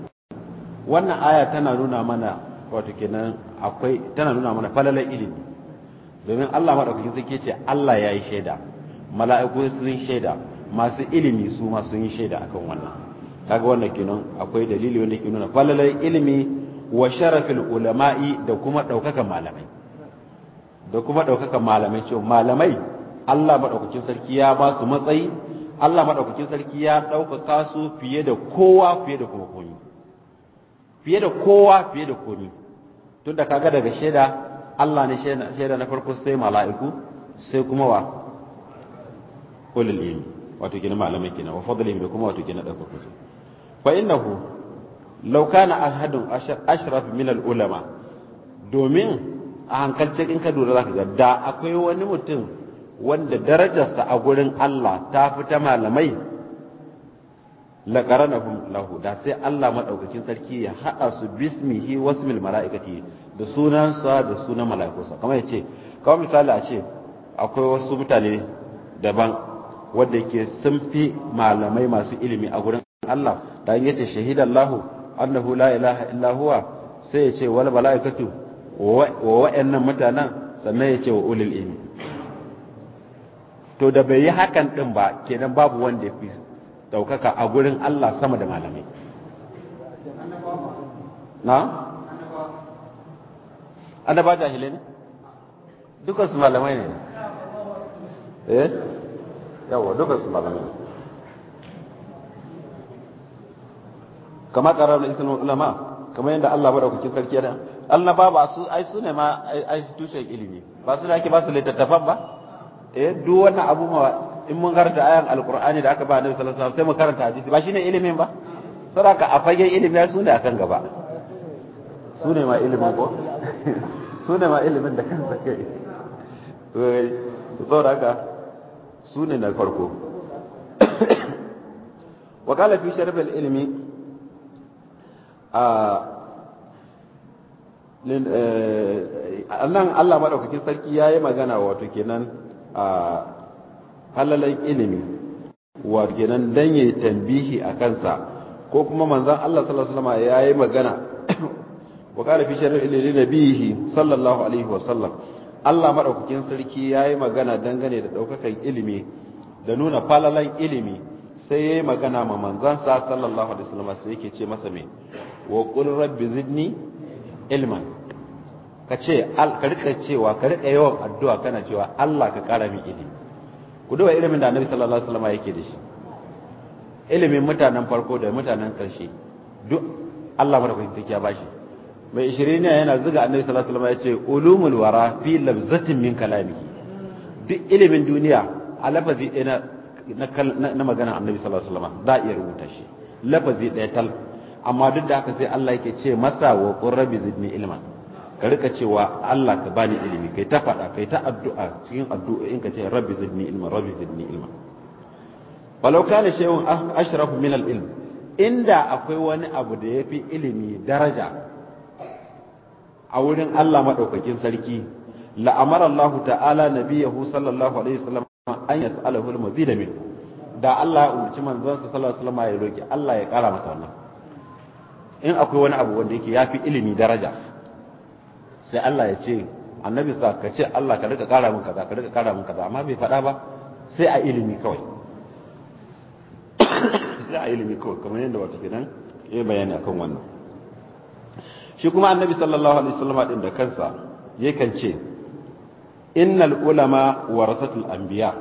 wannan aya tana nuna mana wato kenan akwai tana nuna mana falalar ilimi domin Allah madaukakin sarki ce Allah ya yi shaida mala'iku sun shaida masu ilimi su ma sun yi shaida akan wannan kaga wannan kenan akwai dalili wanda ke nuna falalar ilimi wa sharafil ulama'i da kuma ɗaukakan malamai da kuma ɗaukakan malamai cewa malamai Allah madaukakin sarki ya ba su matsayi Allah maɗaukakin sarki ya ɗaukaka su fiye da kowa fiye da kuma komi fiye da kowa fiye da komi tun da kaga daga shaida Allah ne shaida na farko sai mala'iku sai kuma wa kullul ilmi wato gina malamai kina wa fadlihim da kuma wato gina ɗaukaka su fa innahu law kana ahadun ashraf min al ulama domin a hankalce in ka dora zaka ga da akwai wani mutum wanda darajarsa a gurin Allah ta fi ta malamai laqaranahum lahu da sai Allah madaukakin sarki ya hada su bismihi wasmil malaikati da sunansa da sunan malaikunsa kamar yace kamar misali a ce akwai wasu mutane daban wanda ke sun fi malamai masu ilimi a gurin Allah da yace shahidallahu annahu la ilaha illa huwa sai yace wal malaikatu wa wa'annan mutanen sannan yace wa ulil ilmi to da bai yi hakan din ba kenan babu wanda ya fi daukaka a gurin Allah sama da malami na annaba jahilai ne dukkan su malamai ne eh yawa dukkan su malamai ne kama karar da islam ulama kama yadda Allah madaukakin sarki ya da annaba ba su ai su ne ma ai su tushen ilimi ba su da ake ba su littattafan ba eh duk wannan abu ma in mun karanta ayan alqur'ani da aka ba annabi sallallahu alaihi wasallam sai mu karanta hadisi ba shine ilimin ba saboda a fagen ilimi ya sune akan gaba sune ma ilimin ko sune ma ilimin da kansa kai saboda haka sune na farko wa kala fi sharaf al-ilmi a eh, nan Allah madaukakin sarki ya yi magana wato kenan a halalan ilimi wa kenan dan yi tambihi a kansa ko kuma manzan Allah sallallahu alaihi wasallam yayi magana wa kana fi sharri ilil nabihi sallallahu alaihi wasallam Allah madaukakin sarki yayi magana dangane da daukakan ilimi da nuna falalan ilimi sai yayi magana ma manzan sa sallallahu alaihi wasallam sai yake ce masa me wa qul rabbi zidni ilman ka ce ka rika cewa ka rika yawan addu'a kana cewa Allah ka kara min ilimi ku duba ilimin da Annabi sallallahu alaihi wasallam yake da shi ilimin mutanen farko da mutanen karshe duk Allah madaukakin take ya bashi mai 20 ne yana zuga Annabi sallallahu alaihi wasallam ya ce ulumul wara fi labzatin min kalamihi duk ilimin duniya a lafazi ɗaya na magana Annabi sallallahu alaihi wasallam da iya rubuta shi lafazi ɗaya tal amma duk da haka sai Allah yake ce masa wa qurrabi zidni ilma ka rika cewa Allah ka bani ilimi kai ta faɗa kai ta addu'a cikin in ka ce rabbi zidni ilma rabbi zidni ilma walau kana shay'un ashrafu min al-ilm inda akwai wani abu da yafi ilimi daraja a wurin Allah madaukakin sarki amara Allah ta'ala nabiyahu sallallahu alaihi wasallam an yas'alahu al-mazid min da Allah ya umarci manzon sa sallallahu alaihi wasallam ya roki Allah ya kara masa wannan in akwai wani abu wanda yake yafi ilimi daraja sai Allah ya ce annabi sa ka ce Allah ka rika kara min kaza ka rika kara min kaza amma bai faɗa ba sai a ilimi kawai sai a ilimi kawai kamar yadda wato kenan ya bayani akan wannan shi kuma annabi sallallahu alaihi wasallam din da kansa yakan ce innal ulama warasatul anbiya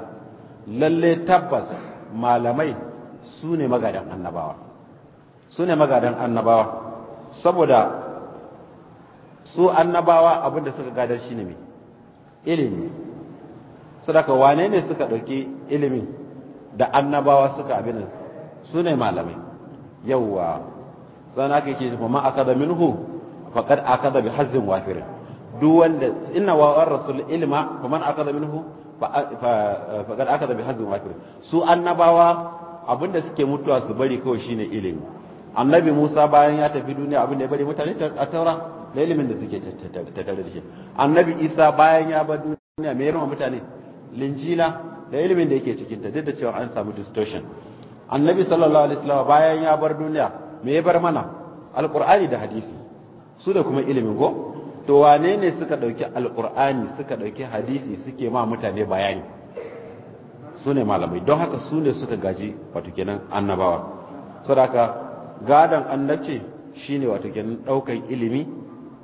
lalle tabbas malamai su ne magadan annabawa su ne magadan annabawa saboda su annabawa abin da suka gadar shi ne ilimi su daga wane ne suka ɗauki ilimi da annabawa suka abin su ne malamai yawwa sana aka ke kuma aka da minhu faƙar aka da bi hazzin wafirin duk wanda ina wawar rasul ilma faman aka da minhu faƙar aka da bi hazzin wafirin su annabawa abinda suke mutuwa su bari kawai shine ilimi annabi musa bayan ya tafi duniya abinda ya bari mutane a taura da ilimin da suke tattare da shi annabi isa bayan ya bar duniya me yawan mutane linjila da ilimin da yake cikinta duk da cewa an samu distortion annabi sallallahu alaihi wasallam bayan ya bar duniya me ya bar mana alqur'ani da hadisi su da kuma ilimin go to wane ne suka dauki alqur'ani suka dauki hadisi suke ma mutane bayani su ne malamai don haka su ne suka gaji wato kenan annabawa saboda gadon annabci shine wato kenan daukan ilimi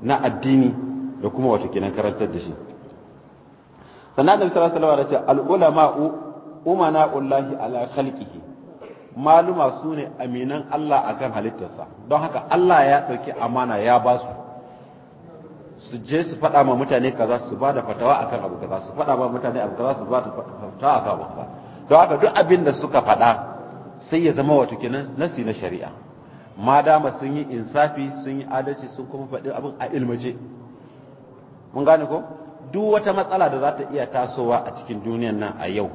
na addini da kuma wata kenan karantar da shi sannan da misalar salawa da ya ce al umana ullahi ala khalqihi maluma su ne aminan Allah akan halittarsa don haka Allah ya ɗauki amana ya ba su su je su faɗa ma mutane kaza su ba da fatawa akan abu kaza su faɗa ma mutane abu kaza su ba da fatawa akan abu kaza don haka duk abin da suka faɗa sai ya zama wata kenan nasi na shari'a ma dama sun yi insafi sun yi adalci sun kuma faɗi abin a ilmace mun gane ko duk wata matsala da za ta iya tasowa a cikin duniyan nan a yau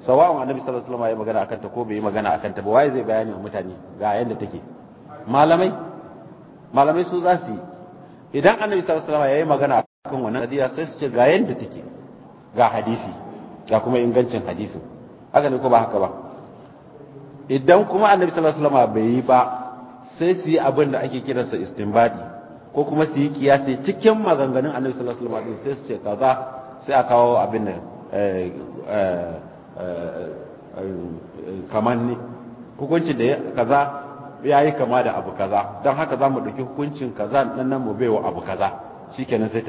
sawa'un annabi sallallahu alaihi wasallam ya magana akan ta ko bai yi magana akan ta ba waye zai bayani wa mutane ga yanda take malamai malamai su za su yi idan annabi sallallahu alaihi wasallam ya yi magana akan wannan hadisi sai su ce ga yanda take ga hadisi ga kuma ingancin hadisin haka ne ko ba haka ba idan kuma annabi sallallahu alaihi wasallam bai yi ba sai su yi abin da ake kiransa istinbadi ko kuma su yi kiyasi cikin maganganun annabi sallallahu alaihi wasallam sai su ce kaza sai a kawo abin nan kamar ne hukuncin da kaza ya yi kama da abu kaza don haka za mu ɗauki hukuncin kaza nan nan mu baiwa abu kaza shikenan sai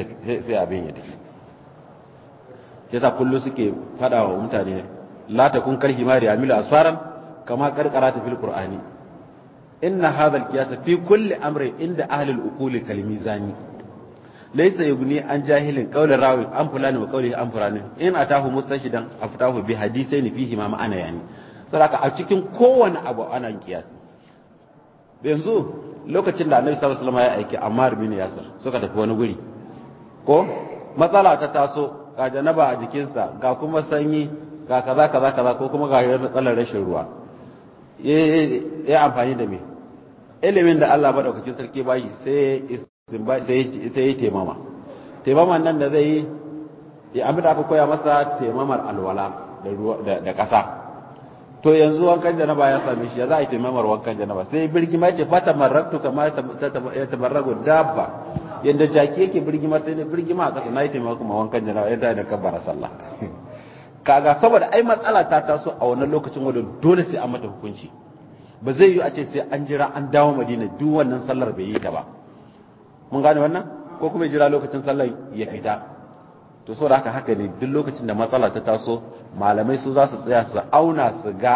sai abin ya tafi yasa kullum suke fada wa mutane la takun karhi ma riyamil asfaran kama karkara ta fil qur'ani inna hadha al-qiyas fi kulli amrin inda ahli al-uqul kalmizani laysa yubni an jahilin qawl rawi an fulani wa qawlihi an fulani in atahu mustashidan aftahu bi hadithain fihi ma ma'ana yani saboda a cikin kowane abu ana qiyas yanzu lokacin da annabi sallallahu alaihi wasallam ya aiki Ammar bin Yasir suka tafi wani guri ko matsala ta taso ga janaba a jikinsa ga kuma sanyi ga kaza kaza kaza ko kuma ga matsalar rashin ruwa ya amfani da me ilimin da Allah madaukakin sarki ba shi sai ya taimama taimaman nan da zai yi ya abin da aka koya masa taimamar alwala da ƙasa to yanzu wankan janaba ya sami shi ya za a yi taimamar wankan janaba sai birgi ce fata marraktu kama ya tabarrago dabba yadda jaki yake ma sai birgi ma a ƙasa na yi taimakon wankan janaba ya da kabbara sallah kaga saboda ai matsala ta taso a wannan lokacin wanda dole sai an mata hukunci ba zai yi a ce sai an jira an dawo madina duk wannan sallar bai yi ta ba mun gane wannan ko kuma jira lokacin sallar ya fita to saboda haka haka ne duk lokacin da matsala ta taso malamai su za su tsaya su auna su ga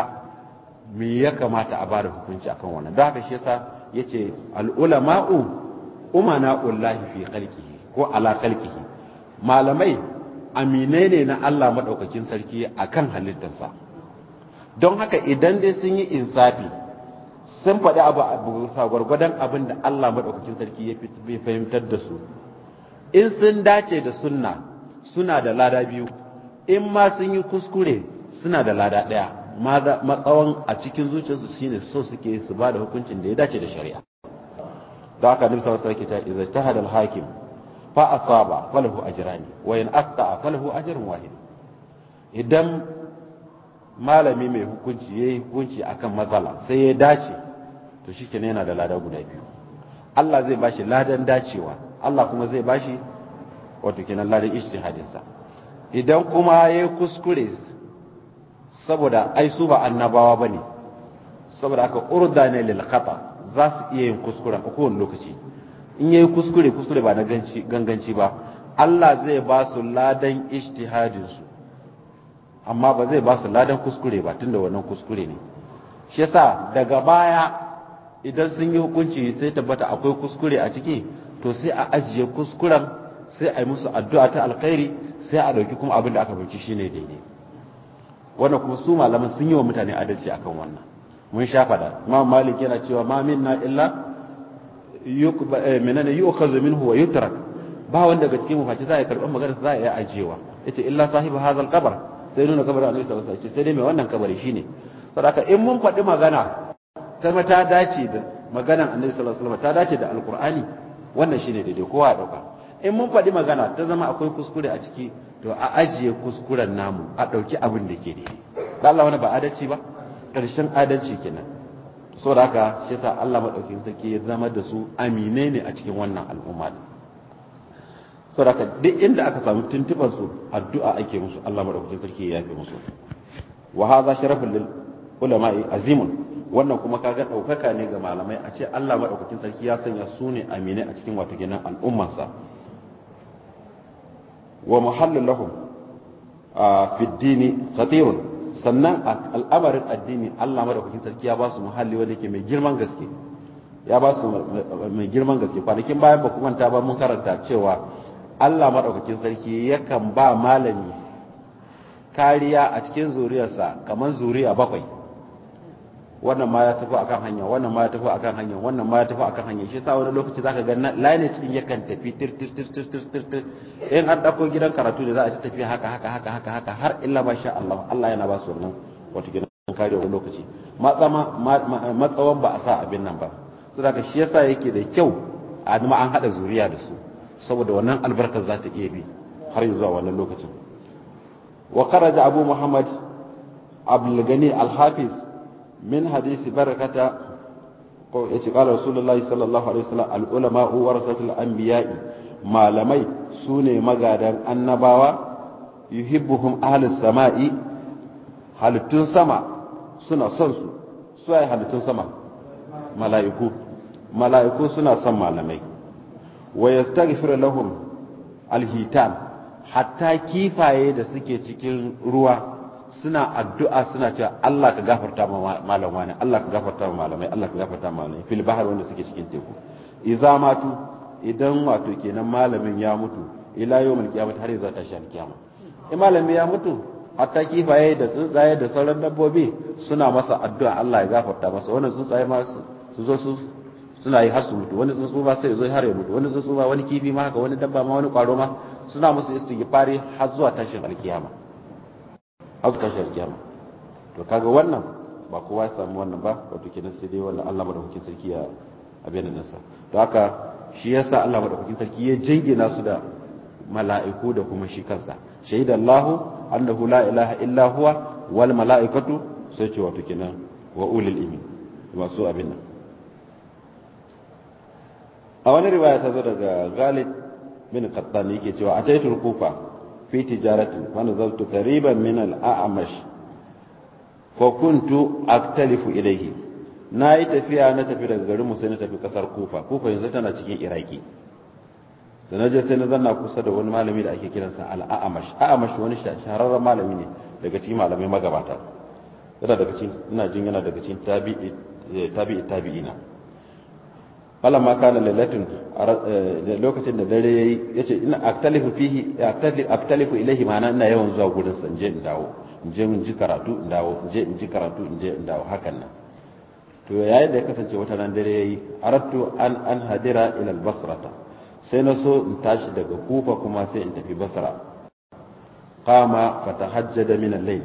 me ya kamata a bada hukunci akan wannan don haka shi yasa yace al ulama'u umana ullahi fi khalqihi ko ala khalqihi malamai aminai ne na Allah maɗaukakin sarki a kan halittarsa don haka idan dai sun yi insafi sun faɗi abu a gwargwadon abin da Allah maɗaukakin sarki ya fahimtar da su in sun dace da sunna suna da lada biyu in ma sun yi kuskure suna da lada ɗaya matsawan a cikin zuciyarsu shine so suke su ba da hukuncin da ya dace da shari'a da aka nufi wasu ake ta izai ta hadal hakim fa asaba falahu ajrani wa in aqta falahu ajrun wahid idan malami mai hukunci yayi hukunci akan matsala sai ya dace to shikenan yana da lada guda biyu Allah zai bashi ladan dacewa Allah kuma zai bashi wato kenan ladan ijtihadin sa idan kuma yayi kuskure saboda ai su ba annabawa bane saboda aka urda ne lil khata za su iya yin kuskuren a kowane lokaci in yayi kuskure kuskure ba na ganganci ba Allah zai ba su ladan ijtihadin su amma ba zai ba su ladan kuskure ba tunda wannan kuskure ne shi yasa daga baya idan sun yi hukunci sai tabbata akwai kuskure a ciki to sai a ajiye kuskuren sai a yi musu addu'a ta alkhairi sai a ɗauki kuma abin da aka bauci shine daidai wannan kuma su malaman sun yi wa mutane adalci akan wannan mun shafa da imam malik yana cewa ma minna illa Eh, menene yu'khadhu minhu wa yutrak ba wanda daga cikin mafaci za a karɓar magana za a yi ajewa yace illa sahibi hazal qabr sai nuna kabarin annabi sallallahu alaihi wasallam sai dai mai wannan kabari shine saboda in mun faɗi magana ta ta dace da maganan annabi sallallahu alaihi wasallam ta dace da alqur'ani wannan shine daidai kowa ya dauka in mun faɗi magana ta zama akwai kuskure a ciki to a ajiye kuskuren namu a ɗauki abin da ke daidai da Allah wani ba adalci ba ƙarshen adalci kenan saboda haka shi yasa Allah madaukakin sarki ya zama da su amine ne a cikin wannan al'umma saboda haka duk inda aka samu tuntuban su addu'a ake musu Allah madaukakin sarki ya yafe musu wa hadha sharafun lil ulama'i azimun wannan kuma kaga daukaka ne ga malamai a ce Allah madaukakin sarki ya sanya su ne amine a cikin wato kenan al'ummarsa wa muhallul lahum fi dini khatirun sannan a al'amarin addini Allah madaukakin sarki ya ba su muhalli wanda yake mai girman gaske ya ba su mai girman gaske kwanakin bayan ba kuma ta ba mun karanta cewa Allah madaukakin sarki yakan ba malami kariya a cikin zuriyarsa kamar zuriya bakwai wannan ma ya tafi akan hanya wannan ma ya tafi akan hanya wannan ma ya tafi akan hanya shi yasa wani lokaci zaka ga line cikin yakan tafi tir tir tir tir tir tir in an dako gidan karatu da za a ci tafi haka haka haka haka haka har illa ba sha Allah Allah yana ba su wannan wato gidan kare wani lokaci matsama matsawan ba a sa abin nan ba su daga shi yasa yake da kyau a ma an hada zuriya da su saboda wannan albarkar za ta iya bi har zuwa wannan lokacin wa kharaja abu muhammad abdul gani al-hafiz min hadisi barakata ko yace qala rasulullahi sallallahu alaihi wasallam al ulama warasatul anbiya'i malamai sune magadan annabawa yuhibbuhum ahlus sama'i halittun sama suna son su su ai halittun sama mala'iku mala'iku suna son malamai wa yastaghfiru lahum alhitam hatta kifaye da suke cikin ruwa suna addu'a suna cewa Allah ka gafarta ma malam wani Allah ka gafarta ma malamai Allah ka gafarta ma malamai fil bahar wanda suke cikin teku idza matu idan wato kenan malamin ya mutu ila yawmul qiyamah har ta shan kiyama in malami ya mutu hatta kifaye da tsuntsaye da sauran dabbobi suna masa addu'a Allah ya gafarta masa wannan tsuntsaye ma su zo su suna yi har su mutu wani tsuntsu ba sai zo har ya mutu wani tsuntsu ba wani kifi ma haka wani dabba ma wani kwaro ma suna musu istighfari har zuwa tashin alkiyama har tashar kiyama to kaga wannan ba kowa ya samu wannan ba wato kenan sai dai wannan Allah madaukakin sarki ya abin nan sa to haka shi yasa Allah madaukakin sarki ya jingina su da mala'iku da kuma shi kansa shahidallahu annahu la ilaha illa huwa wal mala'ikatu sai ce wato kenan wa ulil ilmi su abin nan a wani riwaya ta zo daga Ghalib bin Qattan yake cewa ataitul Kufa في تجارة فنظرت قريبا من الأعمش فكنت أختلف إليه na yi tafiya na tafi daga garin mu sai na tafi kasar kufa kufa yanzu tana cikin iraki sai na je sai na kusa da wani malami da ake kiransa al'amash a'amash wani shahararren malami ne daga cikin malamai magabata yana daga cikin ina falamma kana lailatun eh, lokacin da dare ya ya yace ina aktalifu fihi aktalifu ilahi ma'ana ina yawan zuwa gudun sa je in dawo in je in ji karatu in dawo in je in ji karatu in je in dawo hakan nan to yayin da ya kasance wata nan dare ya yi arattu an an hadira ila basrata sai na so in tashi daga kufa kuma sai in tafi basra qama fatahajjada min al-layl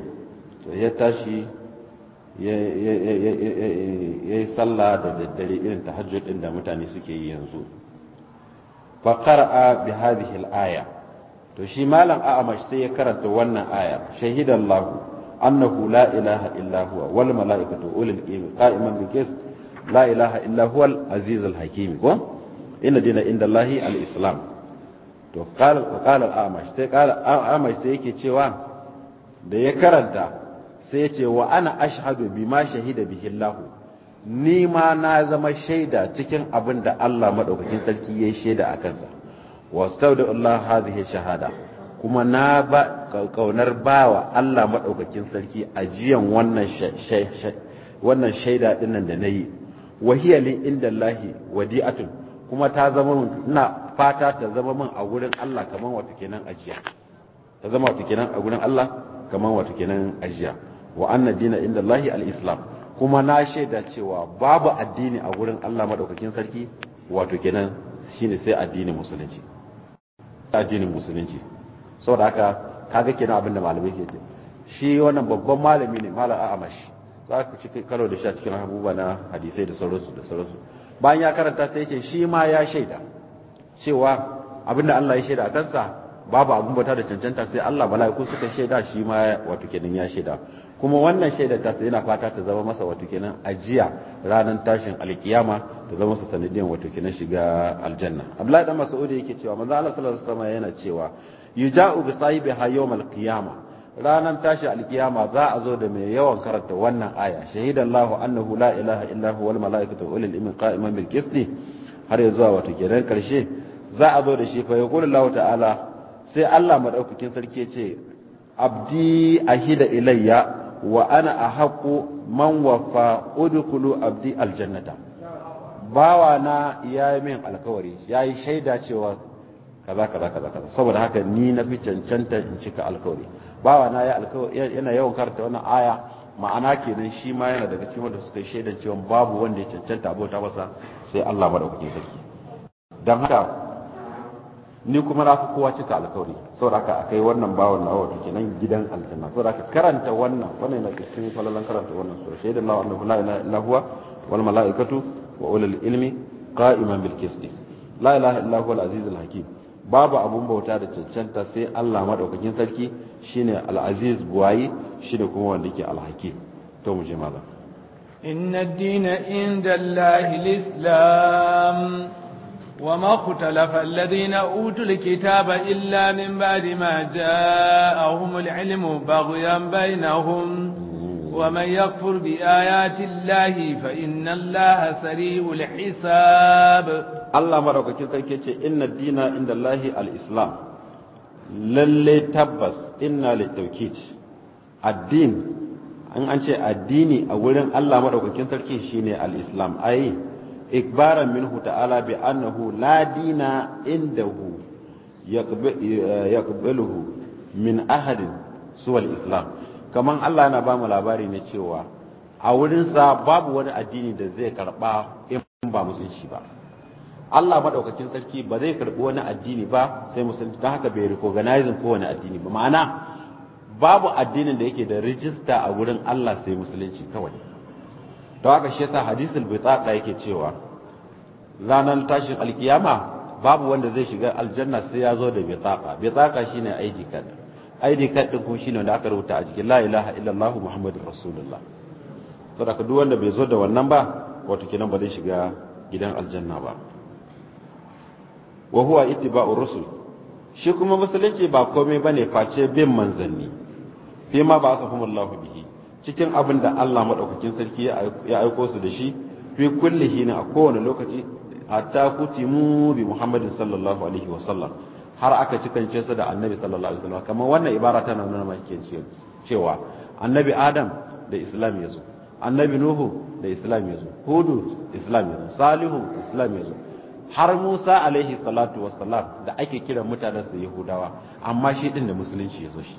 to ya tashi ya yi sallah da daddare irin ta din da mutane suke yi yanzu faƙara a bi hadhihi al-aya to shi malam a'amash sai ya karanta wannan aya shahidallahu annahu la ilaha illa huwa wal malaikatu ulul ilmi qa'iman bil qist la ilaha illa huwa al-aziz al-hakim ko inna dina indallahi al-islam to qala qala al sai qala a'amash sai yake cewa da ya karanta sai ya ce wa ana ashhadu ma shahida bihi Allah ni ma na zama shaida cikin abin da Allah madaukakin sarki yayi shaida a kansa wastaudu Allah hadhihi shahada kuma na ba kaunar bawa Allah madaukakin sarki ajiyan wannan wannan shaida dinnan da nayi wahiya li inda Allah wadi'atun kuma ta zama min ina fata ta zama min a gurin Allah kaman wato kenan ajiya ta zama wato kenan a gurin Allah kaman wato kenan ajiya wa anna dina inda Allahi al-islam kuma na shaida cewa babu addini a wurin Allah madaukakin sarki wato kenan shine sai addinin musulunci addinin musulunci saboda haka kaga kenan abin da malamai ke ce shi wannan babban malami ne malam Ahmash za ku ci karo da shi a cikin abubuwa na hadisai da sauransu da sauransu bayan ya karanta sai yake shi ma ya shaida cewa abinda Allah ya shaida a kansa babu abin bauta da cancanta sai Allah mala'iku suka shaida shi ma wato kenan ya shaida kuma wannan shaidar ta yana fata ta zama masa wato kenan ajiya ranar tashin alkiyama ta zama masa sanadiyan wato kenan shiga aljanna abdullahi dan mas'udi yake cewa manzo Allah sallallahu alaihi wasallam yana cewa yuja'u bi sahibi yawm alqiyama ranar tashin alkiyama za a zo da mai yawan karanta wannan aya shahidallahu annahu la ilaha illa huwa wal malaikatu wa ulul ilmi qa'iman bil qisti har ya zuwa wato kenan karshe za a zo da shi fa yaqulu lahu ta'ala sai Allah madaukakin sarki ya ce abdi ahida ilayya wa ana haƙo man wafa udukulu abdi aljannata bawa na yi min alkawari yi shaida cewa kaza kaza kaza kaza saboda haka ni na fi cancanta in cika alkawari bawa na yana yawan karta wannan aya ma'ana kenan shi ma yana daga cikin wanda suka yi shaidan cewa babu wanda ya cancanta abota masa sai Allah madaukakin sarki dan haka ni kuma na fi kowa cika alkawari saboda haka akai wannan bawon na wato kenan gidan aljanna saboda haka karanta wannan wannan na cikin falalan karanta wannan sura shaidan Allah annahu la ilaha illa huwa wal malaikatu wa ulul ilmi qa'iman bil qist la ilaha illa huwa al aziz al hakim babu abun bauta da cancanta sai Allah madaukakin sarki shine al aziz buwayi shine kuma wanda yake al hakim to mu je malam inna ad-dina inda Allah al-islam وما اختلف الذين أوتوا الكتاب إلا من بعد ما جاءهم العلم بغيا بينهم ومن يكفر بآيات الله فإن الله سريع الحساب الله مرحبا كيكي إن الدين عند الله الإسلام للي تبس إن للتوكيت الدين an an ce addini a wurin Allah maɗaukakin sarki shine al-islam ai ikbaran minhu ta'ala bi annahu la dina indahu yaqbaluhu min ahadin suwal islam kaman Allah yana ba mu labari ne cewa a sa babu wani addini da zai karba in ba musulunci ba Allah madaukakin sarki ba zai karbi wani addini ba sai musulunci don haka bai recognizing kowane addini ba ma'ana babu addinin da yake da rijista a wurin Allah sai musulunci kawai don haka shi yasa hadisul bitaqa yake cewa ranar tashin alkiyama babu wanda zai shiga aljanna sai ya zo da bitaqa bitaqa shine ID card ID card din kuma shine wanda aka rubuta a jikin la ilaha illallah muhammadur rasulullah to da duk wanda bai zo da wannan ba wato kenan ba zai shiga gidan aljanna ba wa huwa ittiba'ur rusul shi kuma musulunci ba komai bane face bin manzanni fi ma ba asafumullahu bihi cikin abin da Allah maɗaukakin sarki ya aiko su da shi fi kulle hina a kowane lokaci a hatta mu bi Muhammadin sallallahu alaihi wasallam har aka cikance su da Annabi sallallahu alaihi wasallam kamar wannan ibara tana nuna ke cewa Annabi Adam da Islam ya zo Annabi Nuhu da Islam ya zo Hudu Islam ya zo Salihu Islam ya zo har Musa alaihi salatu wasallam da ake kiran mutanen sa Yahudawa amma shi din da musulunci ya zo shi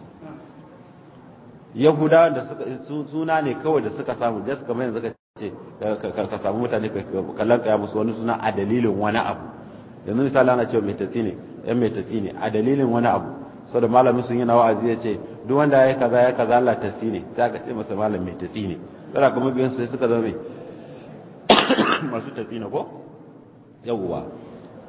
Yahuda da suka suna ne kawai da suka samu da suka mai suka ce ka samu mutane ka kallon kaya musu wani suna a dalilin wani abu yanzu misali ana cewa metasi ne yan metasi ne a dalilin wani abu sau da malamin sun yi na wa'azi ya ce duk wanda ya kaza ya kaza la tasi ne sai aka ce masa malam metasi ne tsara kuma biyan su suka zama masu tafi na ko yawwa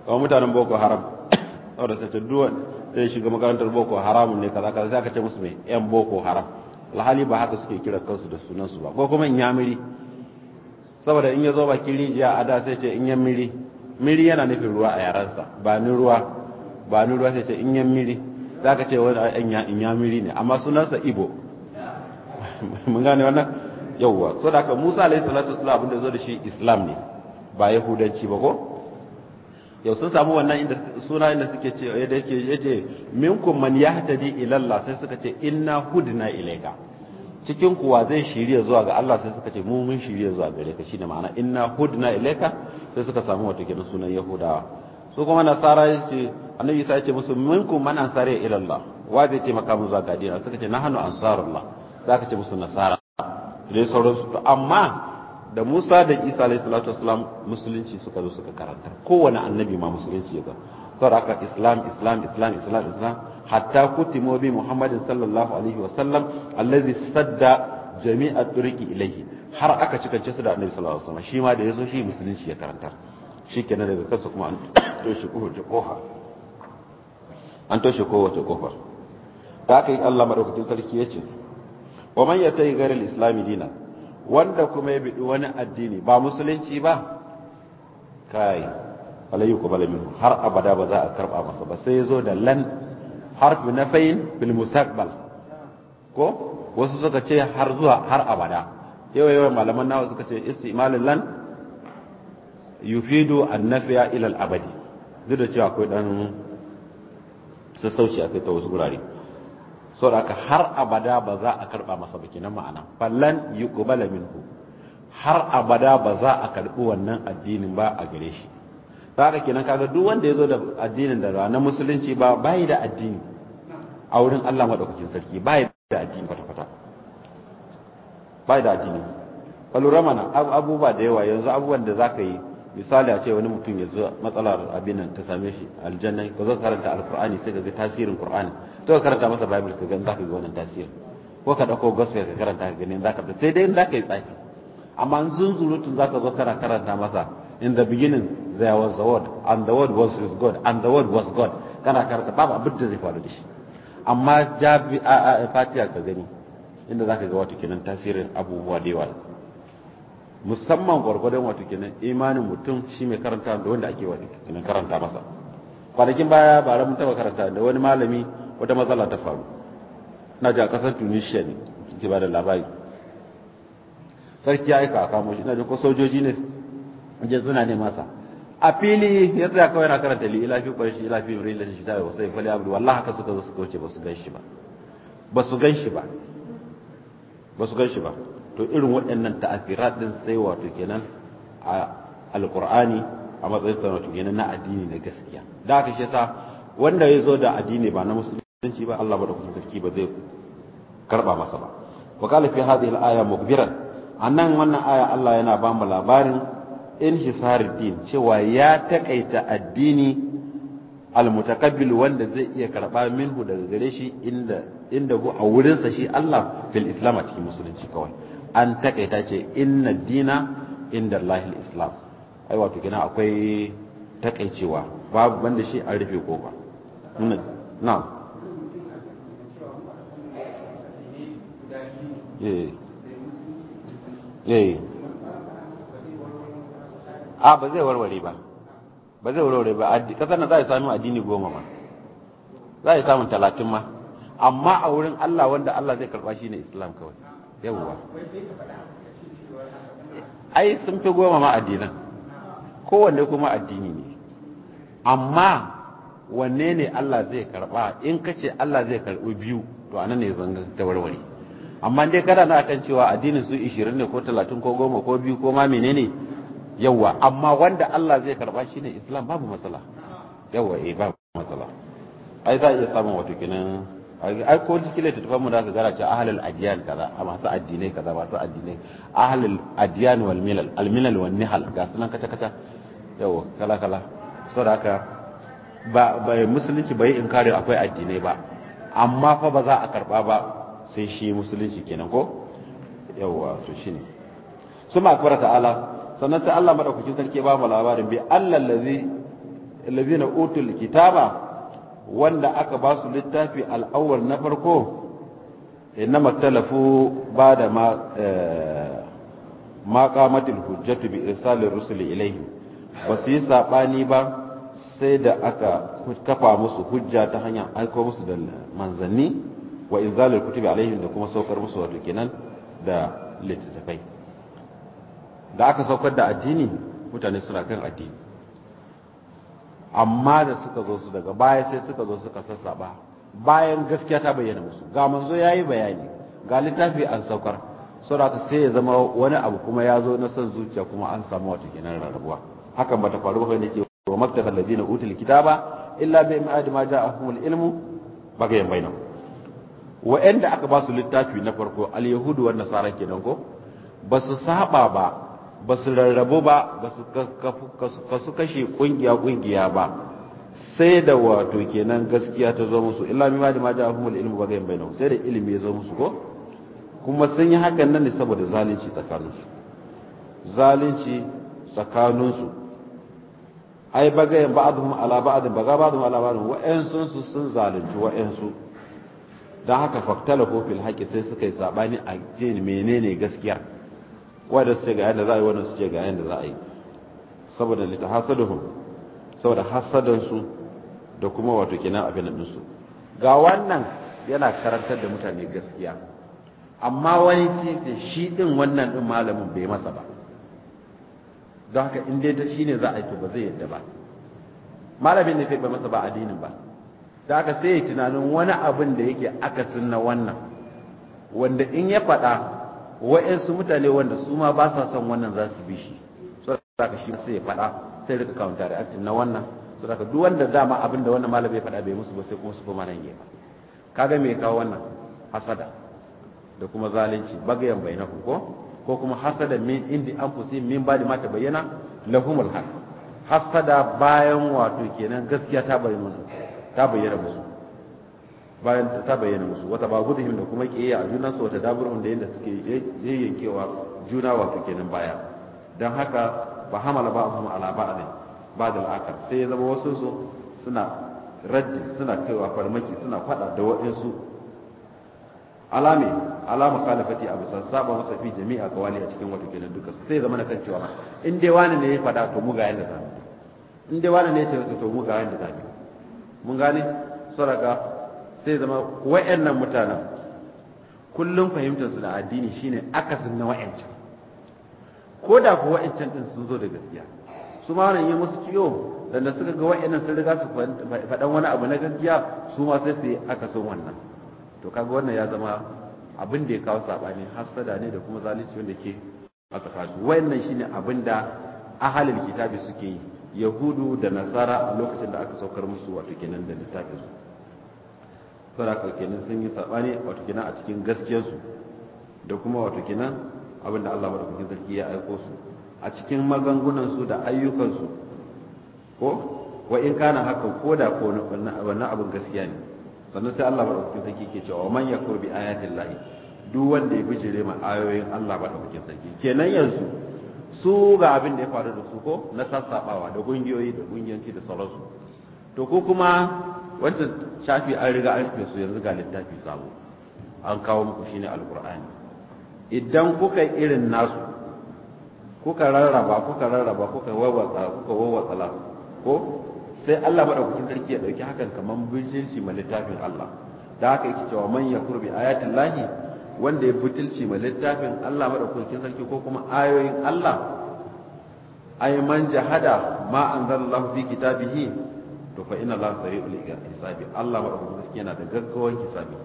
kawai mutanen boko haram saboda sai ta duwan zai shiga makarantar boko haramun ne kaza kaza sai aka ce musu mai yan boko haram alhali ba haka suke kira kansu da sunansu ba ko kuma in yamiri saboda in ya zo bakin rijiya a da sai ce in ya miri miri yana nufin ruwa a yaransa ba ni ruwa ba ni ruwa sai ce in ya miri za ka ce wani in ya miri ne amma sunansa ibo mun gane wannan yauwa so da musa alaihi salatu wasalam abin da zo da shi islam ne ba yahudanci ba ko yau sun samu wannan inda suna inda suke ce yadda yake yace minkum man yahtadi ila Allah sai suka ce inna hudna ilayka cikin kuwa zai shirya zuwa ga Allah sai suka ce mu mun shirya zuwa gare ka shine ma'ana inna hudna ilayka sai suka samu wata kenan sunan yahudawa su kuma nasara yace annabi sai ce musu minkum man ansari ila Allah wa zai taimaka makamu zuwa ga dina suka ce nahnu ansarullah zaka ce musu nasara dai sauransu amma da Musa da Isa alayhi salatu wassalam musulunci suka zo suka karanta kowane annabi ma musulunci ya zo saboda islam islam islam islam islam hatta kutimu bi muhammadin sallallahu alaihi wasallam allazi sadda jami'a turiki ilaihi har aka cikance su da annabi sallallahu alaihi wasallam shi ma da yazo shi musulunci ya karanta shikenan daga kansa kuma an toshe kowace kofa an toshe kowace kofa ta aka yi Allah madaukakin sarki yace wa man yatai ghairil islami dinan wanda kuma ya biɗi wani addini ba musulunci ba kai alayhi kubala minhu har abada ba za a karba masa ba sai yazo da lan harfi na fayin bil mustaqbal ko wasu suka ce har zuwa har abada yawa yawa malaman nawa suka ce istimalin lan yufidu annafiya ila al abadi duk da cewa akwai dan sassauci akai ta wasu gurare saboda har abada ba za a karba masa ba kenan ma'ana fallan yuqbala minhu har abada ba za a karbi wannan addinin ba a gare shi saboda kenan kaga duk wanda yazo da addinin da na musulunci ba bai da addini a wurin Allah madaukakin sarki bai da addini kwata kwata bai da addini kalura mana abubuwa da yawa yanzu abubuwan da zaka yi misali a ce wani mutum ya zo matsalar abin nan ta same shi aljanna ko zan karanta alkur'ani sai ka ga tasirin qur'ani to ka karanta masa bible ka gani zaka ga wannan tasirin ko ka dauko gospel ka karanta ka gani zaka ta sai dai in zaka yi tsaki amma in zunzurutun zaka zo kana karanta masa in the beginning there was the word and the word was with god and the word was god kana karanta babu abin da zai faru da shi amma jabi a a fatiha ka gani inda zaka ga wato kenan tasirin abubuwa da yawa musamman gwargwadon wato kenan imanin mutum shi mai karanta da wanda ake wato kenan karanta masa kwanakin baya ba mun taba karanta da wani malami wata matsala ta faru na ji a ƙasar tunisia ne ke ba da labari sarki ya aika a kamo shi na ji ko sojoji ne je suna ne masa a fili ya tsaya kawai na karanta li ilafi shi ilafi mai da shi tawaye wasu ifali abu wallah haka suka zo suka wuce ba su gan shi ba ba su gan shi ba ba su gan shi ba to irin waɗannan ta'afirat din sai wato kenan a alƙur'ani a matsayin sanatu kenan na addini na gaskiya da haka shi yasa wanda ya zo da addini ba na musulmi mutunci ba Allah madaukakin sarki ba zai karba masa ba wa qala fi hadhihi al-aya mukbiran annan wannan aya Allah yana ba mu labarin hisarid din cewa ya takaita addini al almutakabbil wanda zai iya karba minhu daga gare shi inda inda go a wurin sa shi Allah fil islam a cikin musulunci kawai an takaita ce inna dina inda Allahil islam ai wato kina akwai takaicewa babu banda shi an rufe kofa na'am Eh. Eh. a ah, ba zai warware ba ba zai warware ba kasar nan za a sami addini goma ma za a samun talatin ma amma a wurin Allah wanda Allah zai karba shi ne islam kawai yawwa ai sun fi goma ma addinan kowanne kuma addini ne amma wanne ne Allah zai karba in ka ce Allah zai karbi biyu to anan ne zanga ta warware amma dai kana na akan cewa addinin su 20 ne ko 30 ko 10 ko 2 ko ma menene yawa amma wanda Allah zai karba shi ne islam babu matsala yawa eh babu matsala ai za a iya samun wato kenan ai ko cikin littattafan mu da ka gara ce ahlul adyan kaza a masu addinai kaza masu addinai ahlul adyan wal milal al milal wal nihal ga sunan kaca kaca yawa kala kala saboda haka ba musulunci bai inkari akwai addinai ba amma fa ba za a karba ba sai shi musulunci kenan ko yawwa to shine suma akbara ta'ala sannan sai Allah madaukakin sarki ba mu labarin bi Allah allazi allazina utul kitaba wanda aka ba su littafi al'awar na farko na matalafu ba da makamatin eh, hujjatu bi irsali rusuli ilaihi ba su yi saɓani ba sai da aka kafa musu hujja ta hanyar aiko musu da manzanni wa inzalul kutubi alaihim da kuma saukar musu wato kenan da littattafai da aka saukar da addini mutane suna kan addini amma da suka zo su daga baya sai suka zo suka sassaba bayan gaskiya ta bayyana musu ga manzo yayi bayani ga littafi an saukar saboda sai ya zama wani abu kuma ya zo na son zuciya kuma an samu wato kenan rarrabuwa hakan bata faru ba ne ke wa maktabal ladina utul kitaba illa bi ma'ad ma ja'ahumul ilmu bagayan bainahum wa'anda aka ba su littafi na farko al-yahudu wa nasara kenan ko ba su saba ba ba su rarrabu ba ba su su kashe kungiya kungiya ba sai da wato kenan gaskiya ta zo musu illa mimma da ma ja'ahumul ilmu ba gayin bainahum sai da ilimi ya zo musu ko kuma sun yi hakan nan ne saboda zalunci tsakaninsu zalunci su ai ba ba'dhum ala ba'd ga ba'dhum ala ba'd wa'ansu sun zalunci wa'ansu don haka faktala ko fil haƙi sai suka yi saɓani a jin menene gaskiya wadda su ce ga yadda za a yi wadda su ce ga yadda za a yi saboda lita hasaduhum saboda hasadansu da kuma wato kenan abin su ga wannan yana karantar da mutane gaskiya amma wani ce shi ɗin wannan ɗin malamin bai masa ba don haka in dai ta shi ne za a yi to ba zai yadda ba malamin ne bai masa ba addinin ba da aka sai ya tunanin wani abin da yake akasin na wannan wanda in ya faɗa wa'yansu mutane wanda su ma ba sa son wannan za su bi shi so da shi sai ya faɗa sai rika counter reacting na wannan so da duk wanda dama abin da wannan malabai faɗa bai musu ba sai kuma su fi yi ka kaga me kawo wannan hasada da kuma zalunci bagayen bainahu ko ko kuma hasada min indi an kusi min ba'di ma bayyana lahumul haq hasada bayan wato kenan gaskiya ta bayyana ta bayyana musu bayan ta bayyana musu wata ba gudun da kuma kiyaya a juna su wata damar da yadda suke yayyankewa juna wato kenan baya don haka ba hamala ba a ala ne ba da la'akar sai ya zama wasu su suna raddi suna kaiwa farmaki suna fada da waɗansu alame alama kalifati a bisa saba masa fi jami'a kawali a cikin wato kenan duka sai zama na kan cewa in dai wani ne ya fada to mu ga yanda zamu in dai wani ne ya ce to mu ga yanda zamu mun gane saraka sai zama wa'annan mutanen kullum fahimtar su da addini shine akasin na wa'ancan ko da ko wa'ancan din sun zo da gaskiya su ma wani yi musu ciwo da suka ga wa'annan sun riga su faɗan wani abu na gaskiya su ma sai su yi akasin wannan to kaga wannan ya zama abin da ya kawo sabani hasada ne da kuma zalunci wanda ke a tsakaninsu wa'annan shine abin da ahalin kitabi suke yi yahudu da nasara a lokacin da aka saukar musu wato kenan da littafin su saboda kenan sun yi sabani wato kenan a cikin gaskiyar su da kuma wato kenan abin da Allah madaukakin sarki ya aiko su a cikin magangunan su da ayyukan su ko wa in kana hakan ko da ko wannan abin gaskiya ne sannan sai Allah madaukakin sarki ke cewa man yakfur bi ayatin lahi duk wanda ya bijire ma ayoyin Allah madaukakin sarki kenan yanzu su ga abin da ya faru da su ko na sassaɓawa da ƙungiyoyi da ƙungiyanci da sauransu to ko kuma wata shafi an riga an rufe su yanzu ga littafi sabo an kawo muku ne alkur'ani idan kuka irin nasu kuka rarraba kuka rarraba kuka wawwatsa kuka wawwatsa ko sai Allah madaukakin sarki ya dauki hakan kaman bijinci ma littafin Allah da haka yake cewa man yakurbi bi wanda ya butulci ma littafin Allah madaukakin sarki ko kuma ayoyin Allah ay man jahada ma anzalallahu fi kitabihi to fa inna Allah sari'ul hisabi Allah madaukakin sarki yana da gaggawan hisabi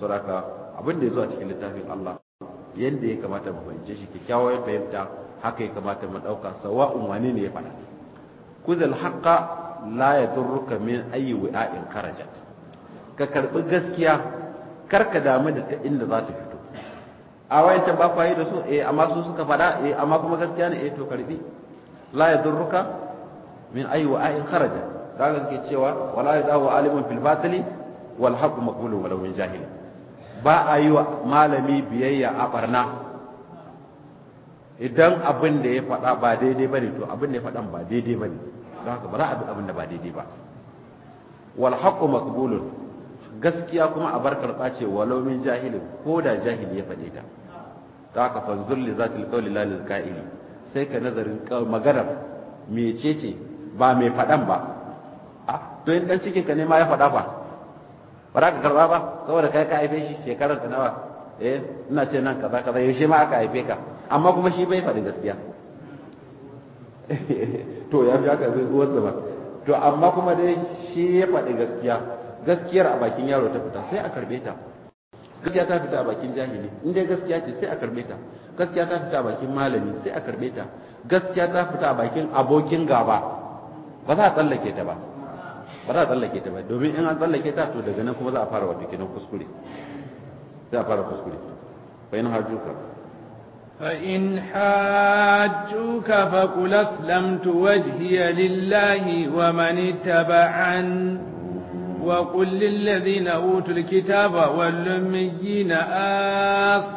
saboda abin da ya zo a cikin littafin Allah yadda ya kamata mu fahimce shi kyakkyawar fahimta haka ya kamata mu dauka sawa'un wani ne ya faɗa kuzal haqqa la yadurruka min ayyi wi'a'in karajat ka karbi gaskiya kar ka damu da ta inda za ta fi a wayancan ba fayi da su eh amma su suka faɗa eh amma kuma gaskiya ne eh to karbi la yadurruka min ayi wa ayin kharaja kaga kake cewa wala yadahu alimun fil batili wal haqqu maqbulun walau min jahil ba a yi wa malami biyayya a barna idan abin da ya faɗa ba daidai bane to abin da ya faɗan ba daidai bane don haka ba za a bi abin da ba daidai ba wal haqqu maqbulun gaskiya kuma a barkar ɓace wa walau min jahilin ko da jahili ya faɗe ta ta ka fanzur li zatil qawli la lil sai ka nazarin maganar mecece ba mai faɗan ba a to yin ɗan cikin ka ne ma ya faɗa ba ba za ka karɓa ba saboda kai ka haife shi shekarar ta nawa eh ina ce nan kaza kaza yaushe ma aka haife ka amma kuma shi bai faɗi gaskiya to ya fi aka zai zuwa zama to amma kuma dai shi ya faɗi gaskiya gaskiyar a bakin yaro ta fita sai a karbe ta gaskiya ta fita a bakin jahili in dai gaskiya ce sai a karbe ta gaskiya ta fita a bakin malami sai a karbe ta gaskiya ta fita a bakin abokin gaba ba za a tsallake ta ba ba za a tsallake ta ba domin in an tsallake ta to daga nan kuma za a fara wata kinan kuskure sai a fara kuskure fa in hajjuka fa in hajjuka fa qul aslamtu wajhiya lillahi wa man ittaba'an وقل للذين أوتوا الكتاب والأميين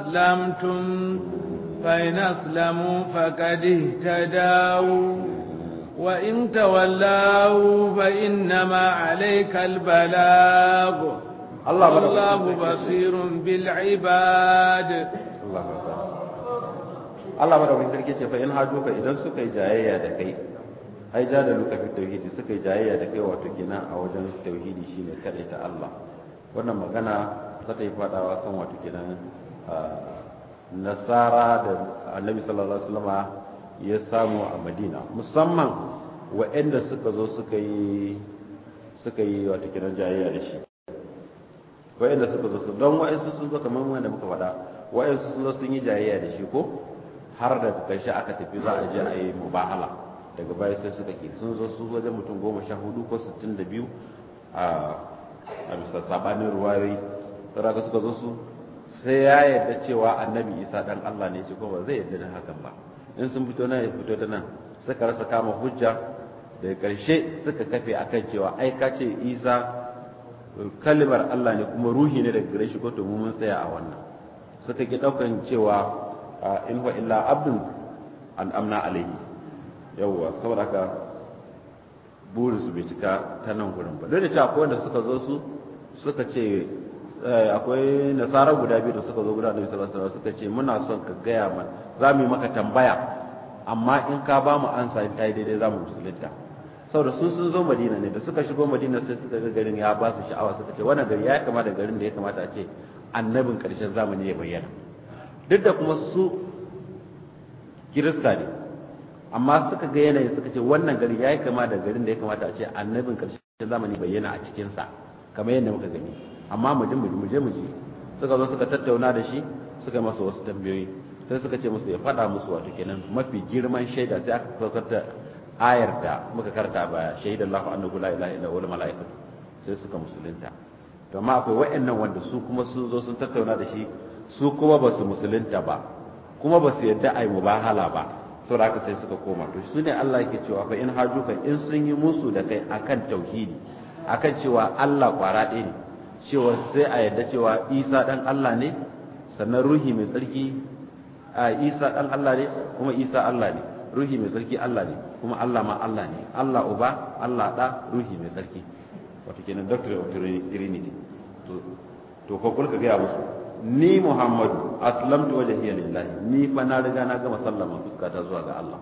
أسلمتم فإن أسلموا فقد اهتدوا وإن تولوا فإنما عليك البلاغ الله, الله بصير بالعباد الله الله مدعوك فإن هاجوك إذا سكي جاية دكي ai da luka fi tauhidi suka yi jayayya da kai wato kenan a wajen tauhidi shine kadai ta Allah wannan magana za ta yi fadawa kan wato kenan nasara da annabi sallallahu alaihi wasallama ya samu a Madina musamman waɗanda suka zo suka yi suka yi wato kenan jayayya da shi waɗanda suka zo su don waɗansu sun zo kamar wanda muka faɗa waɗansu sun zo sun yi jayayya da shi ko har da ƙarshe aka tafi za a je a yi mubahala daga baya sai suka ke sun zo su wajen mutum goma sha hudu ko sittin da biyu a bisa sabanin ruwayoyi saraka suka zo su sai ya yadda cewa annabi isa dan allah ne shi kuma ba zai yarda da hakan ba in sun fito nan ya fito ta nan suka rasa kama hujja daga karshe suka kafe akan cewa ai ce isa kalimar allah ne kuma ruhi ne daga gare shi ko to mun tsaya a wannan suka ki ɗaukan cewa in wa illa abdun an amna alaihi yawwa saboda ka buru su bai cika ta nan gurin ba duk da cewa akwai wanda suka zo su suka ce eh, akwai nasara guda biyu da suka zo guda da sallallahu alaihi suka ce muna son ka gaya mana za mu yi maka tambaya amma in ka ba mu ansa ta tayi daidai za mu musulunta saboda sun sun zo madina ne da suka shigo madina sai suka ga garin ya ba su sha'awa suka ce wannan gari ya kama da garin da ya kamata a ce annabin karshen zamani ya bayyana duk da kuma su kirista ne amma suka ga yanayin suka ce wannan gari ya yi kama da garin da ya kamata a ce annabin karshen zamani bayyana a cikinsa kamar yadda muka gani amma mu mu je mu je suka zo suka tattauna da shi suka masa wasu tambayoyi sai suka ce musu ya faɗa musu wato kenan mafi girman shaida sai aka saukar da ayar da muka karta baya shahidallahu annahu la ilaha illa wal malaika sai suka musulunta to amma akwai wayannan wanda su kuma sun zo sun tattauna da shi su kuma ba su musulunta ba kuma ba su yadda a yi mubahala ba saboda haka sai suka koma to su ne Allah yake cewa fa in haju ka in sun yi musu da kai akan tauhidi akan cewa Allah kwara ɗaya ne cewa sai a yadda cewa Isa dan Allah ne sannan ruhi mai tsarki a Isa dan Allah ne kuma Isa Allah ne ruhi mai tsarki Allah ne kuma Allah ma Allah ne Allah uba Allah da ruhi mai tsarki wato kenan doctor of trinity to to ko kulka ga musu ni muhammadu aslamtu wajhiya lillahi ni fa na riga na gama sallama fuska ta zuwa ga Allah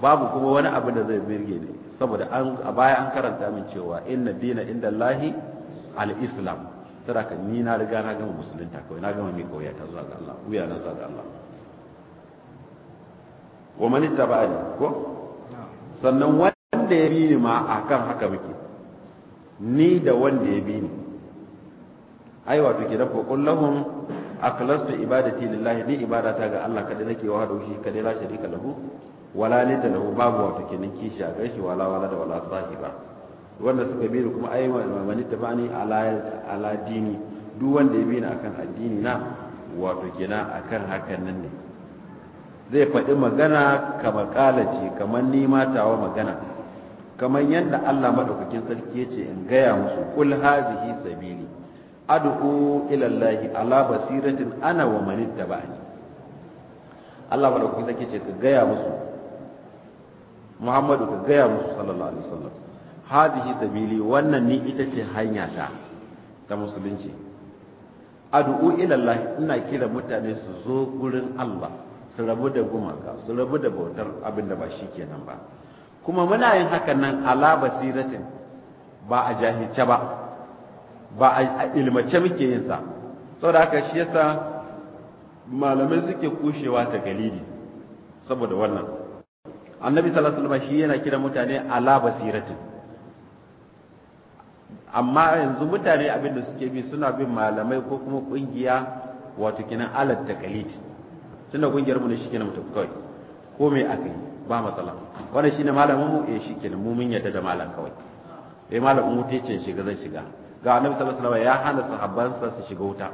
babu kuma wani abu da zai birge ni saboda a baya an karanta min cewa inna dina inda Allahi al-islam saraka ni na riga na gama musulunta kawai na gama mi koyar ta zuwa ga Allah wuya na zuwa ga Allah wa man ittaba'ani ko sannan wanda ya bi ni ma akan haka muke ni da wanda ya bi ni ai wato ke dafa kullahum akhlastu ibadati lillahi ni ibadata ga Allah kada nake wa da shi kada la sharika lahu wala da lahu babu wato kenan kishi a gaishe wala wala da wala sahiba wanda suka bi kuma ai mamani tabani ala ala dini duk wanda ya bi ni akan addini na wato ke na akan hakan nan ne zai faɗi magana kamar ce kamar ma tawa magana kamar yadda Allah madaukakin sarki ya ce in gaya musu kul hazihi sabili Adu'u ila Allah ala basiratin ana wa man ittaba'ani Allah madaukakin take ce ka gaya musu Muhammadu ka gaya musu sallallahu alaihi wasallam hadhihi sabili wannan ni ita ce hanya ta ta musulunci Adu'u ila Allah ina kira mutane su zo gurin Allah su rabu da gumaka su rabu da bautar abin da ba shi kenan ba kuma muna yin hakan nan ala basiratin ba a jahilce ba ba a ilmace muke yin sa saboda haka shi yasa malamai suke kushewa ta galili saboda wannan annabi sallallahu alaihi wasallam shi yana kira mutane ala basiratin amma yanzu mutane abin da suke bi suna bin malamai ko kuma kungiya wato kinan alat taqalid tunda kungiyar mu ne kinan mutum kawai ko me aka yi ba matsala wannan shine malamin mu eh shikenan mu mun yadda da malam kawai eh malamin mu tace shiga zan shiga ga annabi sallallahu alaihi ya hana sahabbansa su shiga wuta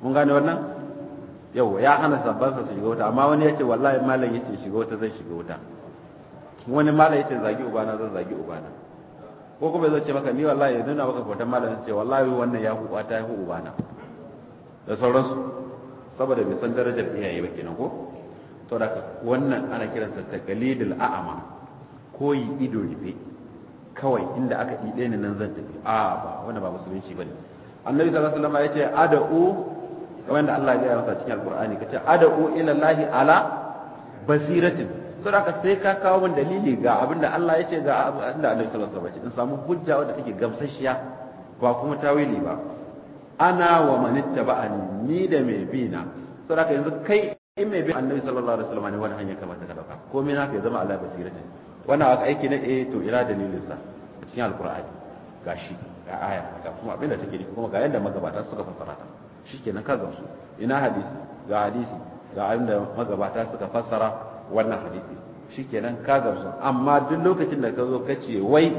mun gane wannan yau ya hana sahabbansa su shiga wuta amma wani yace wallahi malam yace shiga wuta zai shiga wuta wani malam yace zagi ubana zan zagi ubana ko kuma zai ce maka ni wallahi ya nuna maka fotan malam sai wallahi wannan ya huwa ta hu ubana da sauransu saboda bai san darajar iyaye ba kenan ko to da wannan ana kiransa taqlidul a'ama koyi ido rufe kawai inda aka ɗiɗe ni nan zan tafi a ba wanda ba musulunci bane annabi sallallahu alaihi wasallam yace ad'u wanda Allah ya gaya masa cikin alqur'ani kace ad'u ila lahi ala basiratin sai aka sai ka kawo min dalili ga abinda Allah yace ga abinda annabi sallallahu alaihi wasallam yace in samu hujja wanda take gamsasshiya ba kuma tawili ba ana wa man ittaba'ani ni da mai bi na sai aka yanzu kai in mai bi annabi sallallahu alaihi wasallam ne wani hanya kamata ka dauka komai na ka zama ala basiratin wannan aiki na eh to ina dalilinsa a cikin alkur'ani gashi ga aya ga kuma abin da take ne kuma ga yadda magabata suka fassara ta shikenan ka gamsu ina hadisi ga hadisi ga abin da magabata suka fassara wannan hadisi shikenan ka gamsu amma duk lokacin da ka zo ka ce wai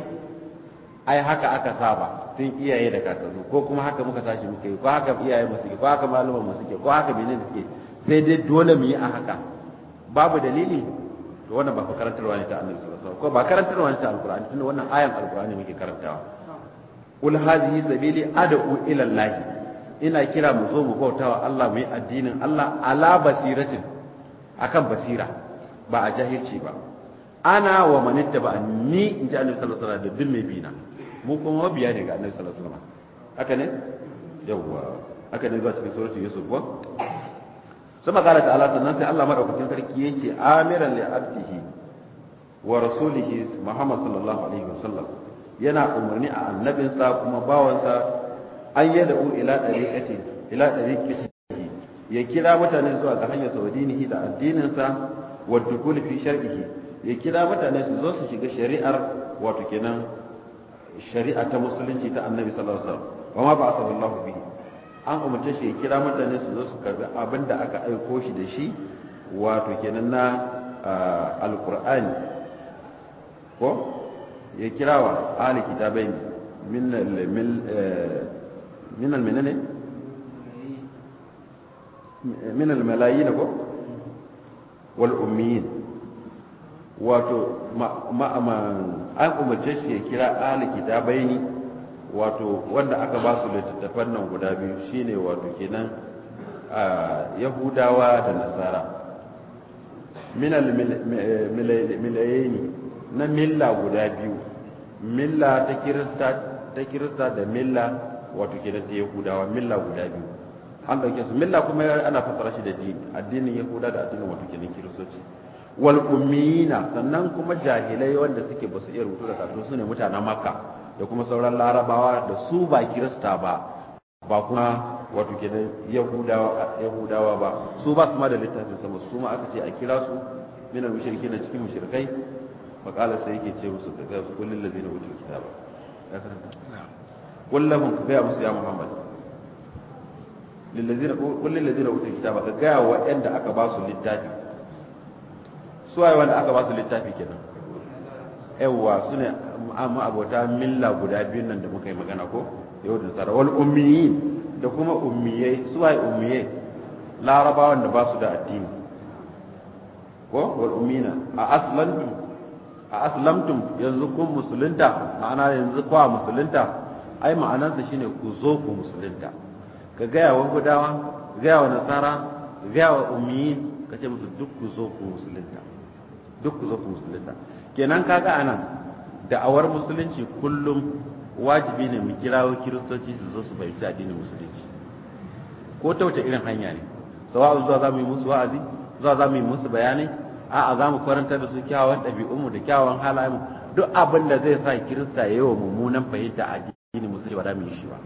ai haka aka saba tun iyaye da kakanni ko kuma haka muka tashi muka yi ko haka iyaye mu suke ko haka malaman mu suke ko haka menene suke sai dai dole mu yi a haka babu dalili to wannan ba karantarwa ne ta annabi sallallahu alaihi wasallam ko ba karantarwa ne ta alqur'ani tunda wannan ayan alqur'ani muke karantawa qul hadhihi sabili ad'u ila allah ina kira mu zo mu bautawa Allah mu yi addinin Allah ala basiratin akan basira ba a jahilci ba ana wa manitta ba ni in ji annabi sallallahu alaihi wasallam da mai bina mu kuma mabiya ne ga annabi sallallahu alaihi wasallam haka ne yawwa haka ne zuwa cikin suratul yusuf wa ثم قال ta'ala sannan sai Allah madaukakin sarki yake amiran li abdihi wa rasulihi Muhammad sallallahu alaihi wasallam yana umarni a annabinsa kuma bawansa an yada u ila dariqati ila dariqati ya kira mutane zuwa ga hanyar saudinihi da addininsa wa dukul fi shar'ihi ya kira mutane su zo su shiga shari'ar wato kenan shari'a ta musulunci ta annabi sallallahu alaihi wasallam wa ma ba'athahu Allah bihi an umarta shi ya kira mutane su zo su karbi abin da aka aiko shi da shi wato kenan na alkur'ani ko ya kira wa ahli kitabai min almenene min eh, almalayin ko wal ummiyin wato ma'aman an umarce shi ya kira ahli kitabai wato wanda aka ba su littattafan nan guda biyu shine wato kenan yahudawa da nasara minal milayeni na milla guda biyu milla ta kirista ta da milla wato kenan ta yahudawa milla guda biyu an dauke su milla kuma ana fasara shi da dini addinin yahuda da addinin wato kenan kiristoci wal ummiyina sannan kuma jahilai wanda suke basu iya rubutu da karatu su ne mutanen makka da kuma sauran larabawa da su ba kirista ba ba kuma wato kenan yahudawa ba su ba su ma da littafin sama su ma aka ce a kira su mina al na cikin mushrikai fa sai yake ce musu da kai kullul ladina utul kitaba ya karanta kullahum ka ga musu ya muhammad lillazina kullul ladina utul kitaba ka ga wa'anda aka ba su littafi su ai wanda aka ba su littafi kenan yawwa su ne ma'abota milla guda biyun nan da muka yi magana ko yau da tsara wal ummiyi da kuma ummiyai su waye ummiye larabawan da ba su da addini ko wal ummina a aslantum a aslamtum yanzu kun musulunta ma'ana yanzu kwa musulunta ai ma'anarsa shine ku zo ku musulunta ka gaya wa gudawa gaya wa nasara gaya wa ummiyi ka ce musu duk ku zo ku musulunta duk ku zo ku musulunta kenan kaga anan da'awar musulunci kullum wajibi ne mu kirawo kiristoci su zo su fahimci addinin musulunci ko ta wace irin hanya ne sawa'u zuwa za mu yi musu wa'azi zuwa za mu yi musu bayanai a'a za mu karanta da su kyawawan ɗabi'unmu da kyawawan halayenmu duk abin da zai sa kirista ya yi wa mummunan fahimta a addinin musulunci ba za mu yi shi ba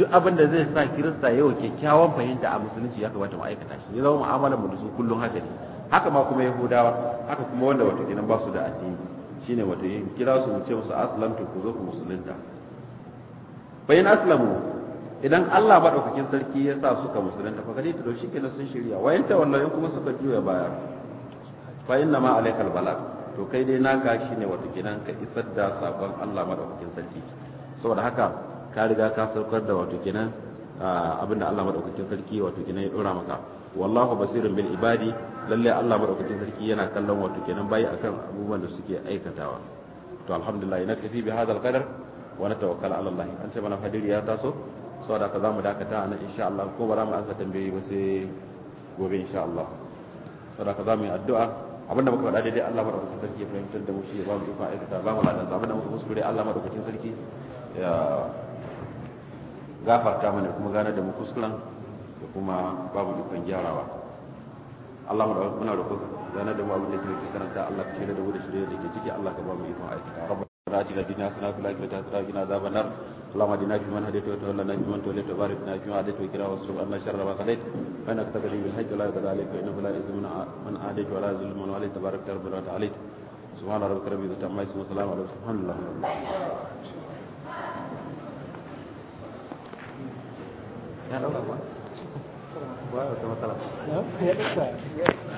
duk abin da zai sa kirista ya yi wa kyakkyawan fahimta a musulunci ya kamata mu aikata shi ya zama mu'amalar mu da su kullum haka ne haka ma kuma yahudawa haka kuma wanda wata kinan ba su da addini shine wata yin kira su ce musu aslamtu ku zo ku musulunta bayan aslamu idan Allah daukakin sarki ya sa suka musulunta fa kadai to shikenan sun shirya wayan ta wallahi kuma suka juya baya fa inna ma alaikal balagh to kai dai naka shine wata kinan ka isar da sabon Allah daukakin sarki saboda haka ka riga ka saukar da wato kenan ah, abinda Allah daukakin sarki wato kenan ya dora maka wallahu basirun bil ibadi lalle Allah madaukakin sarki yana kallon wato kenan bayi akan abubuwan da suke aikatawa to alhamdulillah ina kafi bi hadal qadar wa natawakkal ala Allah an ce mana fadiri ya taso saboda ka zamu dakata anan insha Allah ko ba za mu ansa tambayoyi ba sai gobe insha Allah saboda ka zamu yi addu'a abinda muka faɗa daidai Allah madaukakin sarki ya fahimtar da mu shi ya ba mu ikon aikata ba mu ladan abinda muka kuskure Allah madaukakin sarki ya gafarta mana kuma gane da mu kuskuren da kuma babu ikon gyarawa Allah mu a muna roƙo zanar da mu abin da ke cikin karanta Allah da wuri shirye da ke ciki Allah ka ba mu ikon aikata rabbana ati na dunya sana kula gina man na barik na kira sharra ba bil hajj la yadhalika inna la yazmuna man adaita wa la yazmuna wa la tabaraka ta'ala subhana rabbika rabbil izzati amma salam alayhi subhanallah Claro, tem uma tela. Não, é, tá.